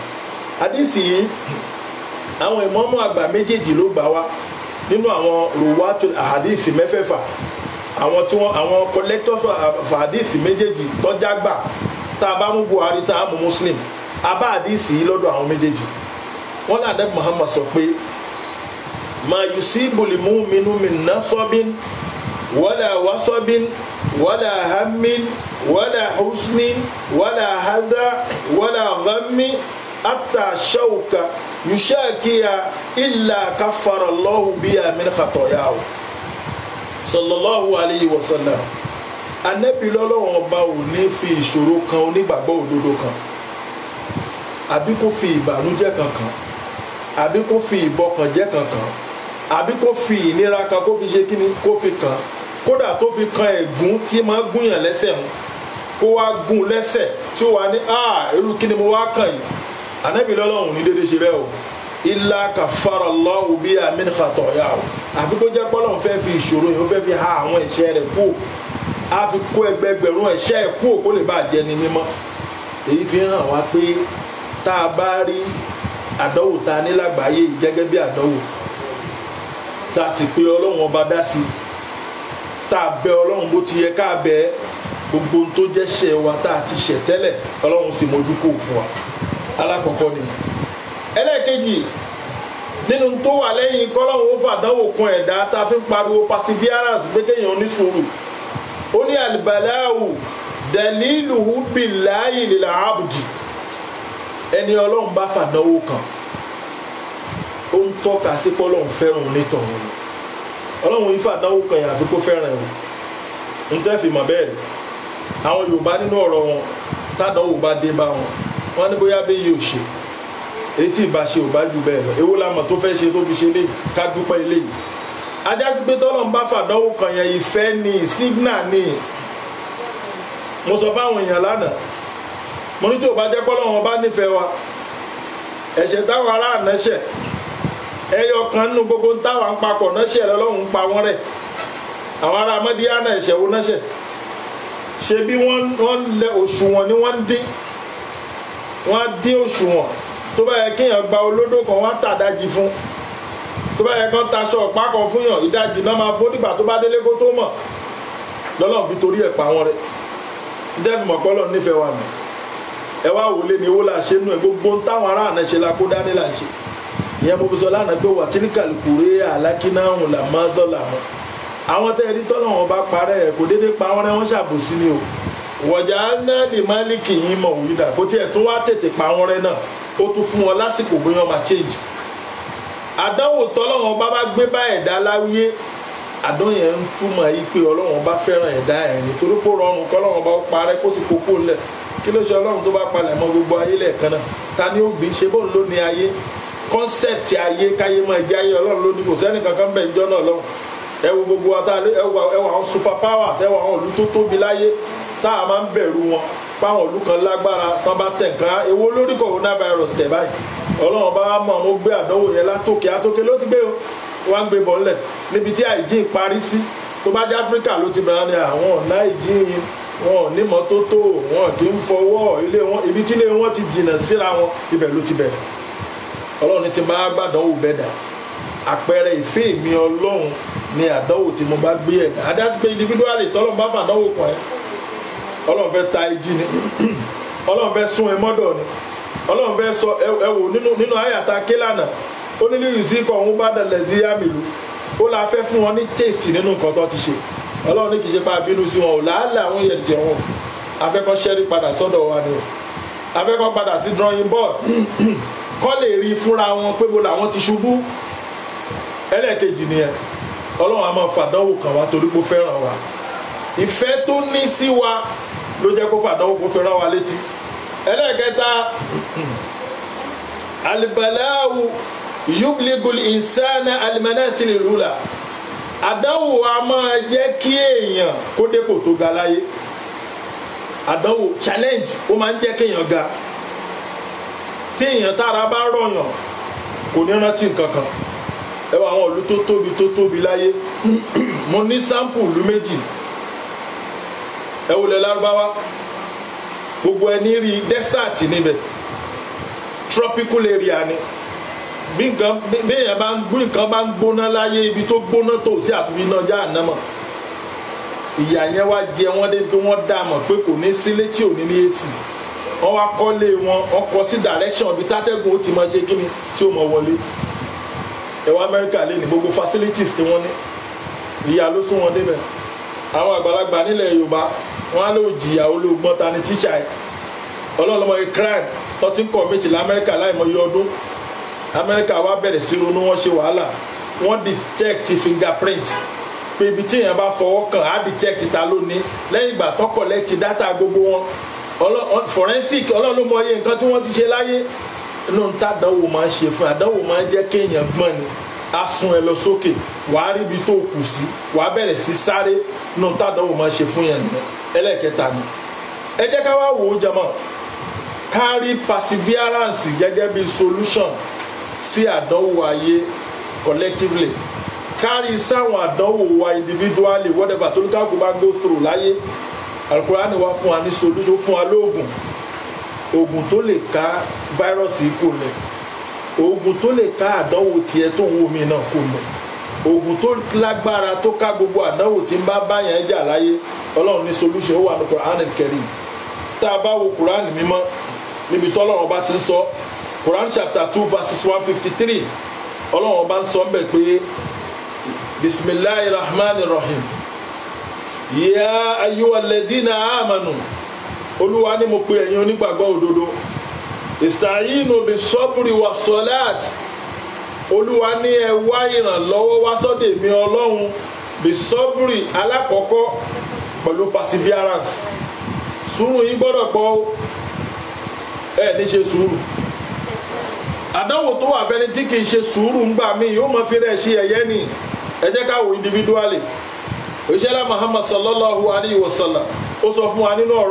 S1: àdìsí yìí àwọn ìmọ̀ọ́mọ́ àgbà méjèèjì ló gbà wá nínú àwọn ruwatul ahadith mẹ́fẹ̀ẹ̀fà àwọn tí wọn àwọn collectors of uh, hadith méjèèjì tọ́jà gbà tá a bá mú Buhari tá a mú Muslim abá hadith yìí lọ́dọ̀ àwọn méjèèjì wọn ní adé Muhammad sọ pé ma yusibu li mu'minu min nasabin wala wasabin wala hammin wala husnin wala hadha wala ghammi hatta shawka yushakiya illa kaffara Allahu biya min khatayahu sallallahu alayhi wa sallam anabi lọ́lọ́wọ́n ọba ò ní fi ìṣòro kan onígbàgbọ́ òdodo kan àbí kó fi ìbànújẹ́ kankan àbí kó fi ìbọkànjẹ́ kankan àbí kó fi ìnira kan kó fi ṣe kíni kó fi kan kódà tó fi kan ẹ̀gún tí máa ń gúnyàn lẹ́sẹ̀ mu kó wá gún lẹ́sẹ̀ tí ó wà ní a irú kíni mo wá kàn yìí anabi lọ́lọ́wọ́n ò ní dédé ṣe bẹ́ẹ̀ o illa kaffara Allahu biha min khatayahu o àfi kó jẹ́ pọ́lọ́n fẹ́ fi ìṣòro yẹn ó fẹ́ fi ha àwọn ẹ̀ṣẹ̀ rẹ̀ kú á fi kó ẹgbẹgbẹ̀rún ẹ̀ṣẹ̀ ẹ̀ kú kó lè bá a jẹ ní mímọ́ èyí fi hàn wá pé tá a bá rí àdánwò tá a ní lágbàáyé gẹ́gẹ́ bí àdánwò tá a sì pé ọlọ́run ọba dá sí tá a bẹ ọlọ́run bó ti yẹ ká bẹ gbogbo ohun tó jẹ́ ṣẹ̀ wa tá a ti ṣẹ̀ tẹ́lẹ̀ ọlọ́run sì mójú kó fún wa alákọ̀ọ́kọ́ ni ẹlẹ́ẹ̀kejì nínú tó wà lẹ́yìn kọ́lọ́hún ó fàdánwò kan ẹ̀dá tá a fi ń pariwo perseverance pé kéèyàn ní sùúrù ó ní àlìbàláwù daliluhu bilayi lila abdi ẹni ọlọ́run bá fàdánwò kan ó ń tọ́ka sí kọ́lọ́hún fẹ́ràn onítọ̀hún ni ọlọ́run yìí fàdánwò kan yẹn àfi kó fẹ́ràn ẹ̀wọ̀n ń tẹ́ fi mọ̀ bẹ́ẹ̀ rẹ̀ àwọn yorùbá nínú ọ̀rọ̀ wọn tádánwò bá dé bá wọn wọn ní bóyá bẹ́ẹ̀ yìí ò etí ìbá ṣe ò bá jù bẹ́ẹ̀ lọ èwo la mọ̀ tó fẹ́ ṣe tó fi ṣe léyìí ká dúpẹ́ eléyìí ajásí pé tọ́lọ̀ ń bá fàdánwò kan yẹn ìfẹ́ ni sígínà ni mo sọ fáwọn èèyàn lánàá mo ní tí ò bá jẹ́ pé Ọlọ́run bá nífẹ̀ẹ́ wa ẹ̀ṣẹ̀ táwọn ará àná ṣẹ̀ ẹyọ kan nínú gbogbo ń táwọn ń papọ̀ náà ṣẹ̀ lọ́lọ́run ń pa wọ́n rẹ̀ àwọn ará mọ́díyánà ẹ̀ṣẹ̀ wo náà ṣẹ̀ ṣe bí wọ́n lẹ òṣùwọ̀n ni wọ́n ń dín wọ́n á dín òṣùwọ̀n tó bá yẹ kéèyàn gba olódó kan wá tà dájì fún tó bá yẹ kán taṣọ ọ̀pá kan fún yàn ìdájì náà máa fún nígbà tó bá délé kó tó mọ̀ lọ́lọ́run fi torí ẹ̀ pa wọn rẹ̀ jẹ́fì mọ̀ kọ́lọ̀ nífẹ̀ẹ́ wa mi ẹ wá wò lé ní owó la ṣe nù ẹ gbogbo ń táwọn ará àná ṣe la kó dání là ń ṣe ìyẹn mo fi sọ lánàá pé wà tí ní kàlùkùrẹ́ àlákínáhùn làmọ́ dọ́là mọ́ àwọn tẹ́ẹ̀rí tọ́lọ́wọ́n bá parẹ́ ẹ̀ kò déédéé pa wọ́n rẹ́ wọ́n ṣàbòsí ni o wọ̀jà ná lè má lè kì í mọ̀ wíìdà bó tiẹ̀ tó wá tètè pa wọn rẹ náà ó tún fún wọn lásìkò bóyá máa change àdánwò tọ́lọ́wọ́n bá bá gbé bá ẹ̀dá láwíyé àdán yẹn ń túmọ̀ yìí pé ọlọ́run bá fẹ́ràn ẹ̀dá ẹ̀ ní torí kó rọrùn kọ́lọ́run bá parẹ́ kó sì kókó lẹ̀ kí ló ṣe ọlọ́run tó bá palẹ̀ mọ́ gbogbo ayé lẹ́ẹ̀kan náà ta ni ó gbé ṣe bóun ló ní ayé kọ́nsẹ̀pì ayé káyé mọ́ ẹ̀jẹ̀ ayé ọlọ́run ló ní kò sẹ́ni kankan bẹ̀ níjọ́ náà lọ́run ẹ wo gbogbo ata ẹ wo àwọn super powers ẹ wo àwọn ìlú tó láyé tá a máa ń bẹ̀rù wọn páwọn ìlú kan lágbára tán bá tẹ̀ nǹkan ewo lórí coronavirus tẹ̀ báyìí ọlọ́run bá wà mọ̀ àwọn ó gbé àdánwò yẹn látòkè àtòkè ló ti gbé o wá ń gbé bọ̀ ńlẹ̀ níbi tí àìjíǹ parí sí tó bá jẹ́ áfíríkà ló ti bẹ̀rẹ̀ ni àwọn ọ̀nà àìjíǹ wọn ò ní mọ́tótó wọn kì í fọwọ́ ilé wọn ibi tí ilé wọn ti jìnnà síra wọn ibẹ̀ ló ti bẹ̀rẹ̀ ọlọ́run ti máa gbàdánwò bẹ́ẹ̀ dà àpẹẹrẹ ìfẹ́ mi ọlọ́run ni àdánwò tí mo bá gbé ẹ̀dá adásípé individually tọ́lọ́ bá ọlọ́run fẹ́ ta ìjì ni ọlọ́run fẹ́ sún ẹ mọ́dọ̀ ni ọlọ́run fẹ́ sọ ẹ wò nínú nínú àyàtà kílànà ó nílé ìrísí kan òun bá dalẹ̀ di yámìlú ó la fẹ́ fún wọn ní taste nínú nǹkan tó ti ṣe ọlọ́run ní kì í ṣe bá a bínú sí wọn ò làálà àwọn yẹn jẹ wọn afẹ́kọ́ ṣẹ́rí padà sọ́dọ̀ wa ni o afẹ́kọ́ padà sí drawing board kọ́ lè rí fúnra wọn pé bo làwọn ti ṣubú ẹlẹ́ẹ̀kejì nìyẹn ọlọ́run a máa fàdánwò kàn wá torí pé ó fẹ́ràn wa ìfẹ́ tó ní sí wa ló jẹ́ kó fàdánwò kó fi rán wa létí ẹlẹ́ẹ̀kẹta alibalawu yubligul insana alimanasili rula àdánwò a máa jẹ́ kí èèyàn kó dépò tó ga láyé àdánwò challenge ó máa ń jẹ́ kéèyàn ga tí èèyàn tára bá rọ̀yàn kò ní rántí nǹkan kan ẹ wọ àwọn ìlú tó tóbi tó tóbi láyé mo ní sample méjì ẹ wò lẹ lárúbáwá gbogbo ẹni rí dẹ́sàtì níbẹ̀ tropical area ni bí nǹkan béèyàn bá ń gbó nǹkan bá ń gbóná láyé ibi tó gbóná tó sí àtúnfi náà já àná mọ̀ ìyá yẹn wá jẹ wọ́n dé bí wọ́n dá mọ̀ pé kò ní sílé tí ò ní ní èsì wọ́n wá kọ́lé wọn wọ́n kọ́ sí direction ibi tátẹ́gùn ó ti máa ṣe kí ni tí ó máa wọlé ẹ̀wọ̀ amẹ́ríkà lè ní gbogbo facilities tí wọ́n ní ìyá ló sún wọn débẹ̀ àwọn àgbàlagbà nílẹ̀ yorùbá wọn á lò jìyà olóògbọ́n ta ni tíṣà ẹ̀ ọlọ́ọ̀lọ́mọ yìí crime tó ti ń kọ̀ méjì lamẹ́ríkà láìmọye ọdún amẹ́ríkà wá bẹ̀rẹ̀ sí ronú wọ́n ṣe wàhálà wọ́n detect fingerprint pé ibi tí èèyàn bá fọwọ́ kàn á detect ta ló lẹ́yìn ìgbà tó collect data gbogbo wọn forensic ọlọ́ọ̀lọ́mọye nǹkan tí wọ́n ti ṣe láyé inú ta àdánwò máa ń ṣe fún àdánwò máa ń jẹ́ kéèyàn gbọ́n ni á sún ẹ lọ sókè wàá rí ibi tó kù sí wàá bẹ̀rẹ̀ sí sáré nù tàdánwò máa ṣe fún yẹn nìyẹn ẹlẹ́ẹ̀kẹta ni ẹ jẹ́ ká wá wò ó jẹmọ́ ká rí perseverance gẹ́gẹ́ bí solution sí àdánwò ayé collectively ká rí sáwọn àdánwò wa individually whatever tó ní ká kó bá go through láyé alukurani wá fún wa ní solution fún wa lóògùn oògùn tó lè ká fáírọ́ọ̀sì ikú rẹ̀ oògùn tó lè ká àdánwò tiẹ̀ tó ń wo mi náà kò mọ̀ oògùn tó lágbára tó ká gbogbo àdánwò tí ń bá báyẹn jà láyé ọlọ́run ní solution ó wà ní Quran Karim tá a bá wo Quran mímọ́ níbi tọ́lọ́run ọba ti ń sọ Quran chapter two verses one fifty three ọlọ́run ọba ń sọ ń bẹ̀ pé bisimilahi rahman rahim ya ayyuhalladhina amanu olúwa ni mo pe ẹ̀yin onígbàgbọ́ òdodo. ìsàyínú bí sọ́bùrì wa sọ́láàtì olúwa ní ẹ wá ìrànlọ́wọ́ wá sọ́dọ̀ mi ọlọ́run bí sọ́bùrì alákọ̀ọ́kọ́ pẹ̀lú perseverance sùúrù yín gbọ́dọ̀ pọ̀ ẹ ní ṣe sùúrù àdánwò tó wà fẹ́ni tí fi rẹ̀ ṣe ẹ̀yẹ́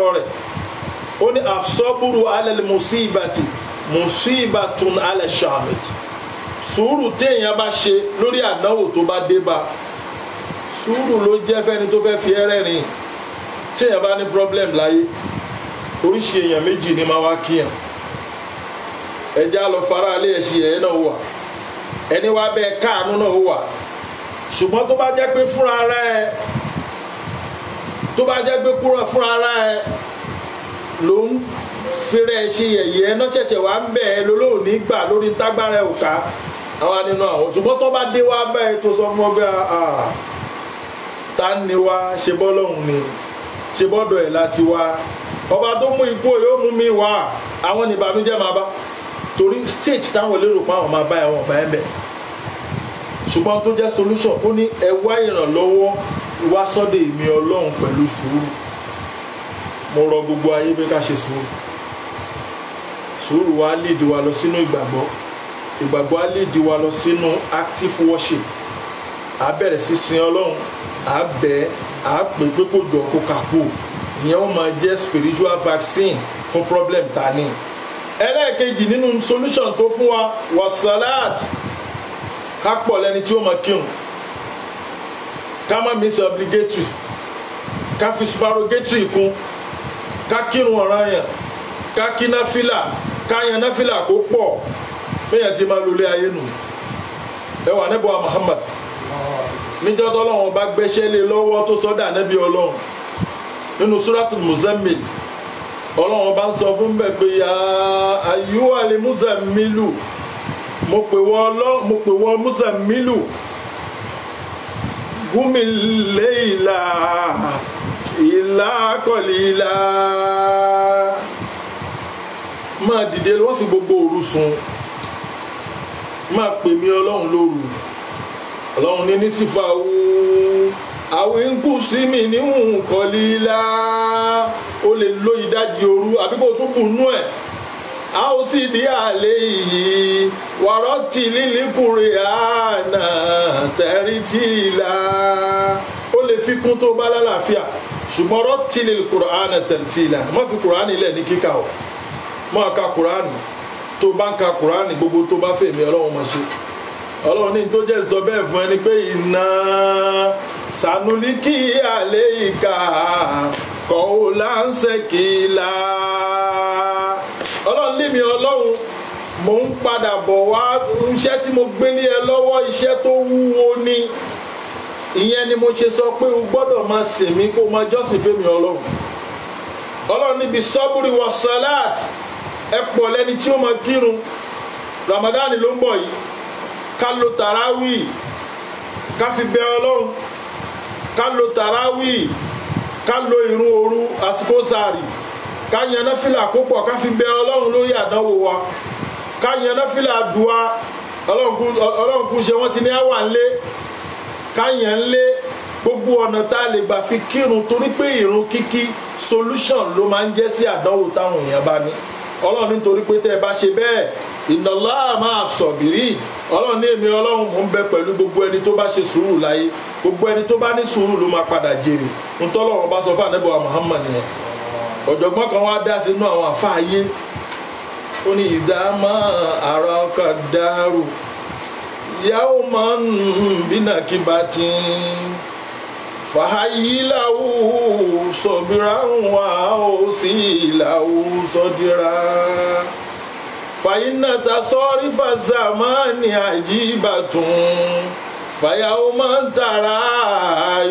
S1: ni ó ní asọ́búrú alẹ́ musibati musibatun alẹ́ sàmìtì sùúrù téèyàn bá ṣe lórí àdánwò tó bá dé bá sùúrù ló jẹ́ fẹ́ni tó fẹ́ fi ẹ́rẹ́ rìn téèyàn bá ní problem láyé oríṣi èèyàn méjì ni máa wá kíyàn ẹja lọ fara alẹ́ ẹ̀ṣin ẹ̀yẹ náà wà ẹni wá bẹ́ẹ̀ káàánú náà wà ṣùgbọ́n tó bá jẹ́ pé fúnra rẹ̀ tó bá jẹ́ pé kúrò fúnra rẹ̀ ló ń fẹ́rẹ́ ṣe yẹ̀yẹ́ náà ṣẹ̀ṣẹ̀ wá ń bẹ̀ ẹ́ lólóòní gbà lórí tágbára ẹ̀ òkà àwa nínú àwọn ṣùgbọ́n tó bá dé wá báyìí tó sọ fún ọgbẹ́ ah, ah, ta ni wá ṣe bọ́ lọ́hùn ni ṣe bọ́dọ̀ ẹ̀ láti wá ọba tó mú ikú yóò mú mi wá àwọn nìbànújẹ́ máa bá torí stage táwọn lérò pé àwọn máa bá ẹ̀wọ̀n ọ̀bá ẹ̀ bẹ̀ ṣùgbọ́n tó jẹ́ solution ó ní ẹ wá ìrànlọ́wọ́ wá sọ́dọ̀ èmi ọlọ́run pẹ̀lú sùúrù mo rọ gbogbo ayé pé ká ṣe sùúrù sùúrù wa lead wa lọ sínú ìgbàgbọ́ ìgbàgbọ́ á lead wa lọ sínú active worship à bẹ̀rẹ̀ sí sin ọlọ́run à bẹ̀ à pè pé kò jọ kó kàpò ìyẹn ó máa jẹ́ spiritual vaccine fún problem ta ni ẹlẹ́ẹ̀kejì nínú solution tó fún wa wà salat ká pọ̀ lẹ́ni tí ó máa kírun ká má miss obligatory ká fi supererogatory kún ká kírun ọ̀ràn yẹn ká kí náfìlà ká yan náfìlà kó pọ̀ bẹ́yẹn ti máa lulẹ̀ ayé nù ẹ wà níbo Muhammad níjọ́ tọ́lọ́wọ́n bá gbẹ́sẹ̀ lé lọ́wọ́ tó sọ́dà níbi ọlọ́run nínú suratul muzammil ọlọ́run bá ń sọ fún bẹ́ẹ̀ pé ya ayúwàlì muzammilu mo pè wọ́ muzammilu gúmi léyìlá ìlà kọ̀lì ìlà máa dìde wọ́n fi gbogbo òru sùn máa pè mí ọlọ́run lóru ọlọ́run ní nísìfà wú àwọn nkù sí mi ní nǹkan líla ó lè lo ìdajì òru àbí kó tún kù nú ẹ̀ a ó sì dí àlẹ́ yìí wàrọ̀ tì lílíkùnrin àná tẹ̀rí tì í la ó lè fi kún tó bá lálàáfíà ṣùgbọ́n rọ́tìlì kùránì tẹ̀tìlà má fi kùránì lẹ̀ ní kíkà o má ka kùránì tó bá ń ka kùránì gbogbo tó bá fèmí ọlọ́run máa ṣe ọlọ́run ní tó jẹ́ sọ bẹ́ẹ̀ fún ẹni pé iná sanuliki alẹ́ ìka kọ́ọ̀ láǹṣẹ́kìlá ọlọ́run lé mi ọlọ́run mò ń padà bọ̀ wá iṣẹ́ tí mo gbé lé ẹ lọ́wọ́ iṣẹ́ tó wúwo ni. ìyẹn ni mo ṣe sọ pé o gbọ́dọ̀ máa sèmi kó o máa jọ́sìn fẹ́mi ọlọ́run ọlọ́run níbi sọ́búrì wọ salat ẹ pọ̀ lẹ́ni tí ó máa kírun ramadan ló ń bọ̀ yìí ká lo tàràwì ká fi bẹ ọlọ́run ká lo tàràwì ká lo irun òru àsìkò sààrì ká yan náfìlà púpọ̀ ká fi bẹ ọlọ́run lórí àdánwò wa ká ọlọ́run kú ṣe ti ní àwọn káyàn lé gbogbo ọ̀nà tá a lè gbà fi kírun torí pé ìrun kíkí solution ló máa ń jẹ́ sí àdánwò táwọn èèyàn bá ní ọlọ́run nítorí pé tẹ́ ẹ bá ṣe bẹ́ẹ̀ ìnàlá máa sọ̀bìrì ọlọ́run ní èmi ọlọ́run mò ń bẹ pẹ̀lú gbogbo ẹni tó bá ṣe sùúrù láyé gbogbo ẹni tó bá ní sùúrù ló máa padà jèrè ntọ́lọ́run bá sọ fún ànábọ̀ Muhammad nìyẹn ọ̀jọ̀gbọ́n kan wá dá sínú àwọn àfáàyè ó ní ìdá máa àrà ọkà dárò يوما بنكبة فهيئ له صبرا وأوصي له صدرا فإن تصارف الزمان عجيبة فيوما ترى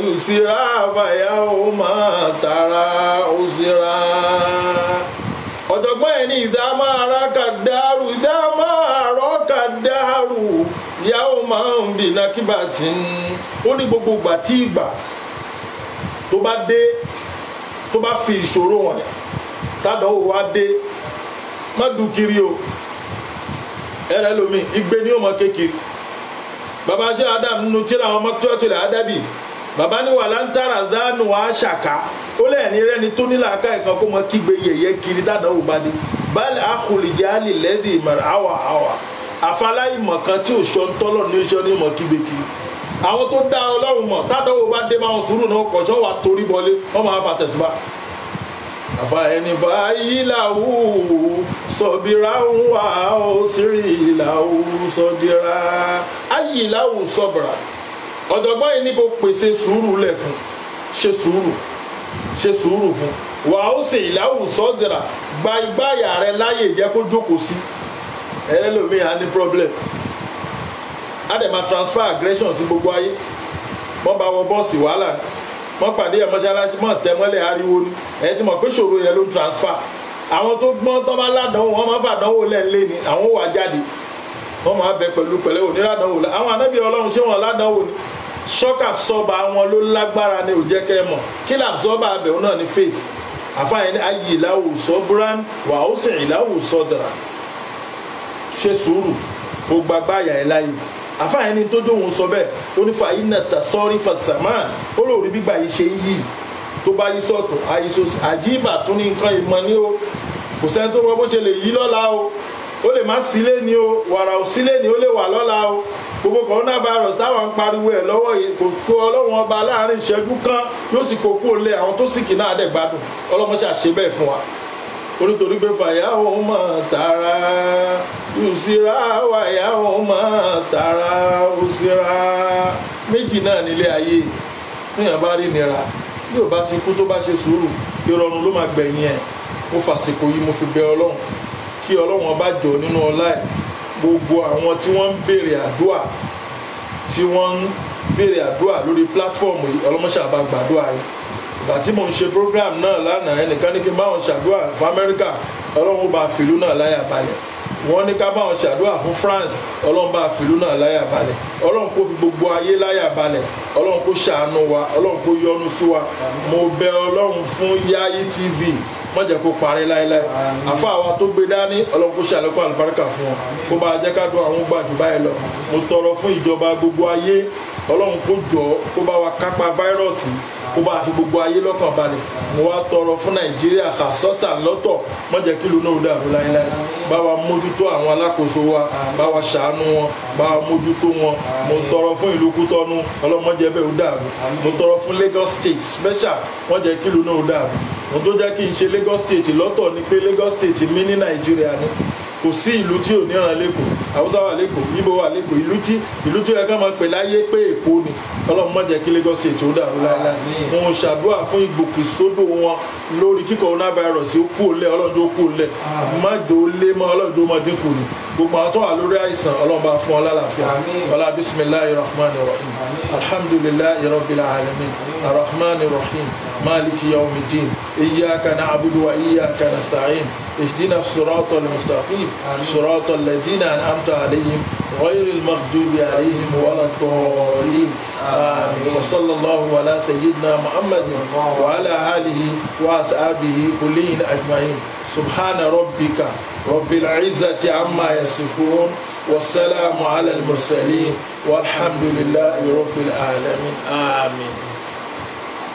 S1: يسرا فيوما ترى عسرا ọ̀jọ̀gbọ́n ẹni ìdá ó máa ń bì nákìbà tí ń ó ní gbogbo ìgbà tí ìgbà tó bá dé tó bá fi ìṣòro hàn tádánwò wá dé má dùkiri o ẹrẹ lomi igbe ni ó mọ kékeré baba ṣe adam nínú tíra àwọn mọ́tíọ́tìlẹ̀ adábì baba ní wàhálà ń tààrà dánù àṣàkà ó lẹ́ẹ̀ni rẹ́ni tó nílà aká ìkan kó mọ kígbe yẹ̀yẹ́ kiri tádánwò bá dé báàlì àkùlìjẹ́ àlì lẹ́dí ìmọ̀ràn àwà àwà àfaláìmọ̀ kan tí ò sọ ntọ́lọ̀ ní sọ ní mọ̀ kíbeki àwọn tó dá ọlọ́run mọ̀ tádọ́wò bá dé máa ń sùúrù náà kọ̀ọ̀ṣọ́ wa torí bọlé wọ́n máa fa tẹ̀síba àfàyẹnìfà yíláwù sọ̀bìráhùn wà ó sírì ìlàwù sọ̀dìrà ayíláwù sọ̀bìrà ọ̀jọ̀gbọ́n yìí ní kò pèsè sùúrù lẹ̀ fún ṣe sùúrù ṣe sùúrù fún wà ó sì ìlàwù sọ̀dìrà gba ìgbáyà rẹ láyè jẹ́ kó jókòó sí ẹlẹ́lòmíì á ní problem á dẹ̀ máa transfer aggression sí gbogbo ayé wọ́n bá wọ bọ́ọ̀sì wàhálà ni wọ́n pàdé ẹ̀ mọ́ṣáláṣí mọ́ tẹ́mọ́lẹ̀ ariwo ni ẹ̀ ti mọ̀ pé ṣòro yẹn ló ń transfer àwọn tó gbọ́n tó bá ládánwò wọ́n máa fàdánwò lẹ́ńlé ni àwọn ò wá jáde wọ́n máa bẹ pẹ̀lú pẹ̀lẹ́ òní ládánwò la àwọn anábì ọlọ́run ṣé wọ́n ládánwò ni shock absorber wọn ló lágbára ni ò jẹ́ kẹ́ ẹ mọ̀ kill absorber abẹ̀wò náà ni faith àfààní ayé ìlàwò sọ buran wàhùsìn ìlàwò sọdara ṣe sùúrù ó gba báyà ẹ̀ láyè àfáàyàn ni tó dóhùn sọ bẹ́ẹ̀ ó ní fàyín náà tà sọ́ọ́rí fàṣàmà ó lórí gbígbà yìí ṣe yí tó bá yí sọ̀tọ̀ àyíṣòsì àjíbà tún ní nǹkan ìmọ̀ ní o kò sẹ́ni tó mọ bó ṣe lè yí lọ́la o ó lè má sílé ni o wàrà ò sílé ni ó lè wà lọ́la o gbogbo coronavirus táwọn ń pariwo ẹ̀ lọ́wọ́ yìí kò kó ọlọ́run ọba láàrin ìṣẹ́jú kan yóò sì kó kúrò lé àwọn tó sì kì náà dẹ̀ gbádùn ọlọ́mọṣẹ́ àṣebẹ́ẹ̀ fún wa onítorí pé fàyàwó máa tara òsìrà wàyàwó máa tara òsìrà méjì náà nílé ayé níyàn bá rí nira bí ò bá ti kú tó bá ṣe sùúrù ìrọ̀rùn ló máa gbẹ̀yìn ẹ̀ mo fàsìkò yìí mo fi bẹ ọlọ́run kí ọlọ́run ọba jọ nínú ọlá ẹ̀ gbogbo àwọn tí wọ́n ń béèrè àdúà tí wọ́n ń béèrè àdúà lórí pílátífọ̀mù yìí ọlọ́mọṣà gbàdúà yìí ìgbà tí mò ń ṣe program náà lánàá ẹnìkan ní kí n bá wọn ṣàdúrà fún amẹ́ríkà ọlọ́run bá fìlú náà láyà balẹ̀ wọ́n ní ká bá wọn ṣàdúrà fún france ọlọ́run bá fìlú náà láyà balẹ̀ ọlọ́run kó fi gbogbo ayé láyà balẹ̀ ọlọ́run kó ṣàánú wa ọlọ́run kó yọ́nú sí wa mo bẹ ọlọ́run fún Yayi TV má jẹ́ kó parí láéláé àfa wa tó gbé dání ọlọ́run kó ṣàlékún àlùbáríkà fún wọn kó bá jẹ́ ká dún àwọn gbàdúrà báyìí lọ mo tọrọ fún ìjọba gbogbo ayé ọlọ́run kó jọ kó bá wa kápá fáírọ̀sì kó bá fi gbogbo ayé lọ́kàn balẹ̀ mo wá tọrọ fún nàìjíríà kà sọ́tà lọ́tọ̀ má jẹ́ kí ìlú náà dàrú láéláé bá wa mójútó àwọn alákòóso wa bá wa ṣàánú wọn bá wa mójútó wọn mo tọrọ fún ìlú kútọ́nù ọlọ́mọdé ẹbẹ̀ ò dàrú mo tọrọ fún Lagos State special má jẹ́ kí ìlú náà dàrú mo tó jẹ́ kí n ṣe Lagos State lọ́tọ̀ ni pé Lagos State mi ní nàìjíríà ni kò sí ìlú tí ò níran lẹ́kọ̀ọ́ haúsá wà lẹ́kọ̀ọ́ ibo wà lẹ́kọ̀ọ́ ìlú tí ìlú tí ó yẹ ká máa pè láyé pé èkó ni ọlọ́run má jẹ́ kí Lagos State ó dàrú láéláé òun ṣàdúrà fún ìgbòkèsódò wọn lórí kí coronavirus ó kú òlẹ̀ ọlọ́dún ó kú òlẹ̀ má jò ó lé mọ́ ọlọ́dún ó mọ́ dínkù ni gbogbo àwọn tó wà lórí àìsàn ọlọ́run bá fún ọ lálàáfíà اهدنا الصراط المستقيم صراط الذين أنعمت عليهم غير المغضوب عليهم ولا الضالين آمين وصلى الله على سيدنا محمد وعلى آله وأصحابه كلين أجمعين سبحان ربك رب العزة عما يصفون والسلام على المرسلين والحمد لله رب العالمين آمين